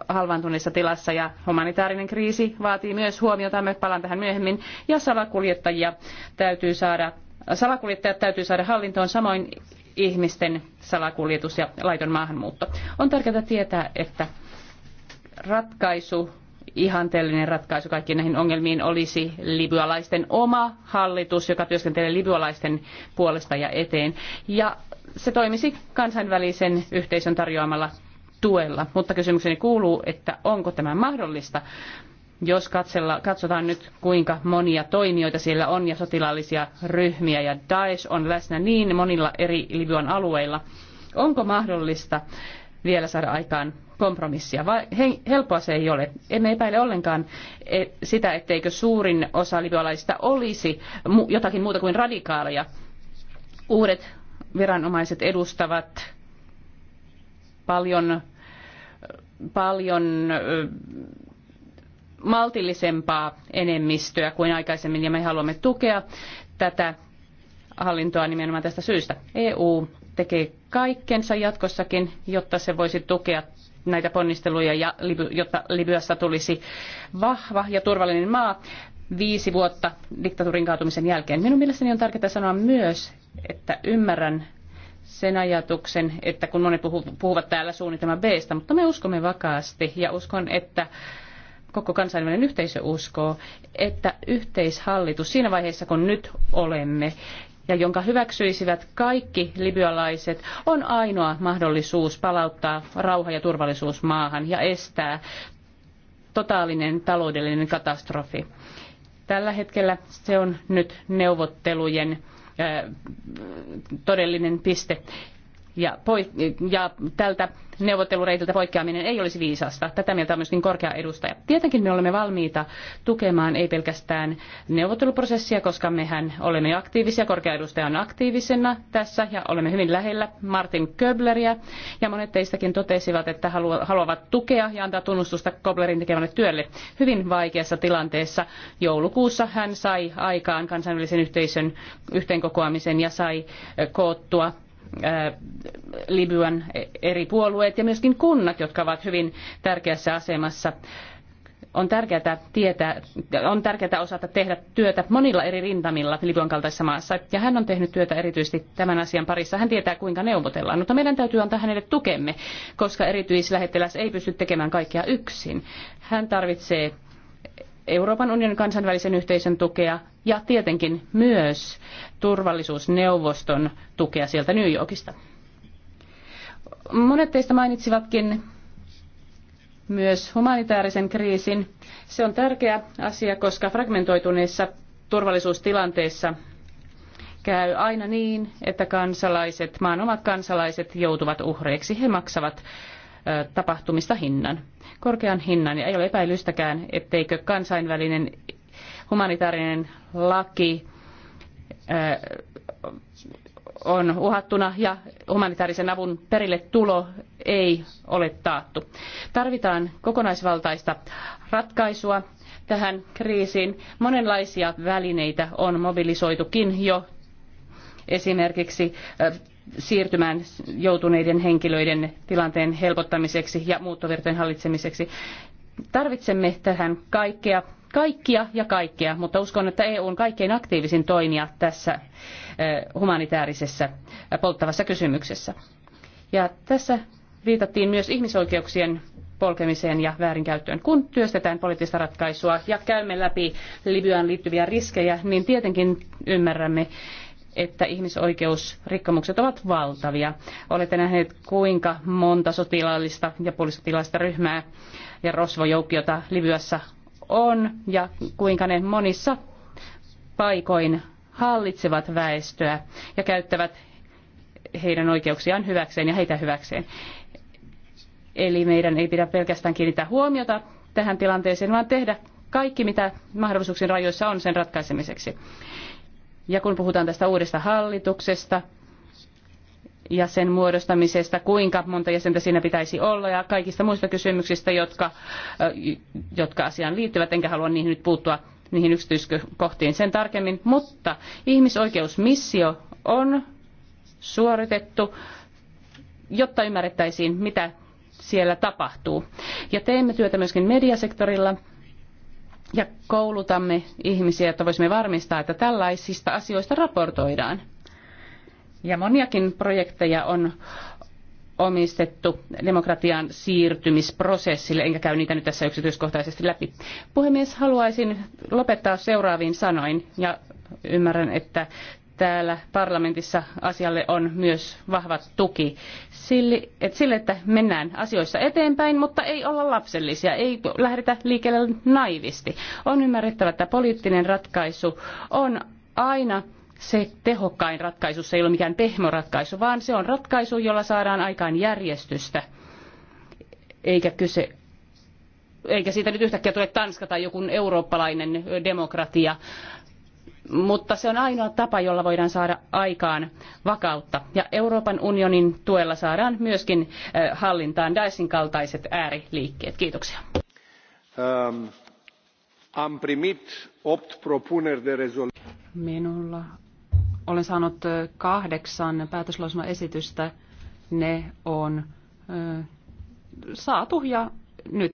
halvantuneessa tilassa ja humanitaarinen kriisi vaatii myös huomiota, me palaan tähän myöhemmin, ja salakuljettajia täytyy saada, salakuljettajat täytyy saada hallintoon samoin ihmisten salakuljetus ja laiton maahanmuutto. On tärkeää tietää, että ratkaisu ihanteellinen ratkaisu kaikkiin näihin ongelmiin olisi libyalaisten oma hallitus, joka työskentelee libyalaisten puolesta ja eteen. Ja se toimisi kansainvälisen yhteisön tarjoamalla tuella. Mutta kysymykseni kuuluu, että onko tämä mahdollista, jos katsella, katsotaan nyt kuinka monia toimijoita siellä on ja sotilaallisia ryhmiä ja Daesh on läsnä niin monilla eri Libyan alueilla. Onko mahdollista vielä saada aikaan kompromissia. Vai he- helppoa se ei ole. Emme epäile ollenkaan e- sitä, etteikö suurin osa libyalaisista olisi jotakin muuta kuin radikaaleja. Uudet viranomaiset edustavat paljon paljon maltillisempaa enemmistöä kuin aikaisemmin ja me haluamme tukea tätä hallintoa nimenomaan tästä syystä. EU tekee kaikkensa jatkossakin, jotta se voisi tukea näitä ponnisteluja ja jotta Libyasta tulisi vahva ja turvallinen maa viisi vuotta diktatuurin kaatumisen jälkeen. Minun mielestäni on tärkeää sanoa myös, että ymmärrän sen ajatuksen, että kun monet puhuvat täällä suunnitelma b mutta me uskomme vakaasti ja uskon, että koko kansainvälinen yhteisö uskoo, että yhteishallitus siinä vaiheessa, kun nyt olemme, ja jonka hyväksyisivät kaikki libyalaiset, on ainoa mahdollisuus palauttaa rauha ja turvallisuus maahan ja estää totaalinen taloudellinen katastrofi. Tällä hetkellä se on nyt neuvottelujen todellinen piste ja, poik- ja tältä neuvottelureitiltä poikkeaminen ei olisi viisasta. Tätä mieltä on myöskin korkea edustaja. Tietenkin me olemme valmiita tukemaan ei pelkästään neuvotteluprosessia, koska mehän olemme aktiivisia, korkea edustaja on aktiivisena tässä ja olemme hyvin lähellä Martin Köbleriä. Ja monet teistäkin totesivat, että haluavat tukea ja antaa tunnustusta Koblerin tekemälle työlle hyvin vaikeassa tilanteessa. Joulukuussa hän sai aikaan kansainvälisen yhteisön yhteenkokoamisen ja sai koottua Libyan eri puolueet ja myöskin kunnat, jotka ovat hyvin tärkeässä asemassa. On tärkeää, tietää, on tärkeää osata tehdä työtä monilla eri rintamilla Libyan kaltaisessa maassa. Ja hän on tehnyt työtä erityisesti tämän asian parissa. Hän tietää, kuinka neuvotellaan. Mutta meidän täytyy antaa hänelle tukemme, koska erityislähettiläs ei pysty tekemään kaikkea yksin. Hän tarvitsee Euroopan unionin kansainvälisen yhteisön tukea ja tietenkin myös turvallisuusneuvoston tukea sieltä New Yorkista. Monet teistä mainitsivatkin myös humanitaarisen kriisin. Se on tärkeä asia, koska fragmentoituneissa turvallisuustilanteissa käy aina niin, että kansalaiset, maan omat kansalaiset joutuvat uhreiksi. He maksavat tapahtumista hinnan, korkean hinnan. Ja ei ole epäilystäkään, etteikö kansainvälinen humanitaarinen laki on uhattuna ja humanitaarisen avun perille tulo ei ole taattu. Tarvitaan kokonaisvaltaista ratkaisua tähän kriisiin. Monenlaisia välineitä on mobilisoitukin jo esimerkiksi siirtymään joutuneiden henkilöiden tilanteen helpottamiseksi ja muuttovirtojen hallitsemiseksi. Tarvitsemme tähän kaikkea, kaikkia ja kaikkea, mutta uskon, että EU on kaikkein aktiivisin toimija tässä humanitaarisessa polttavassa kysymyksessä. Ja tässä viitattiin myös ihmisoikeuksien polkemiseen ja väärinkäyttöön. Kun työstetään poliittista ratkaisua ja käymme läpi Libyaan liittyviä riskejä, niin tietenkin ymmärrämme että ihmisoikeusrikkomukset ovat valtavia. Olette nähneet, kuinka monta sotilaallista ja puolisotilaallista ryhmää ja rosvojoukkiota Libyassa on ja kuinka ne monissa paikoin hallitsevat väestöä ja käyttävät heidän oikeuksiaan hyväkseen ja heitä hyväkseen. Eli meidän ei pidä pelkästään kiinnittää huomiota tähän tilanteeseen, vaan tehdä kaikki, mitä mahdollisuuksien rajoissa on sen ratkaisemiseksi. Ja kun puhutaan tästä uudesta hallituksesta ja sen muodostamisesta, kuinka monta jäsentä siinä pitäisi olla ja kaikista muista kysymyksistä, jotka, jotka asiaan liittyvät, enkä halua niihin nyt puuttua niihin yksityiskohtiin sen tarkemmin, mutta ihmisoikeusmissio on suoritettu, jotta ymmärrettäisiin, mitä siellä tapahtuu. Ja teemme työtä myöskin mediasektorilla ja koulutamme ihmisiä, että voisimme varmistaa, että tällaisista asioista raportoidaan. Ja moniakin projekteja on omistettu demokratian siirtymisprosessille, enkä käy niitä nyt tässä yksityiskohtaisesti läpi. Puhemies, haluaisin lopettaa seuraaviin sanoin, ja ymmärrän, että täällä parlamentissa asialle on myös vahva tuki sille, että mennään asioissa eteenpäin, mutta ei olla lapsellisia, ei lähdetä liikkeelle naivisti. On ymmärrettävä, että poliittinen ratkaisu on aina se tehokkain ratkaisu, se ei ole mikään pehmo ratkaisu, vaan se on ratkaisu, jolla saadaan aikaan järjestystä, eikä kyse eikä siitä nyt yhtäkkiä tule Tanska tai joku eurooppalainen demokratia, mutta se on ainoa tapa, jolla voidaan saada aikaan vakautta. Ja Euroopan unionin tuella saadaan myöskin hallintaan Daesin kaltaiset ääriliikkeet. Kiitoksia. Um, primit opt de Minulla olen saanut kahdeksan päätöslausumaesitystä. Ne on ö, saatu ja nyt.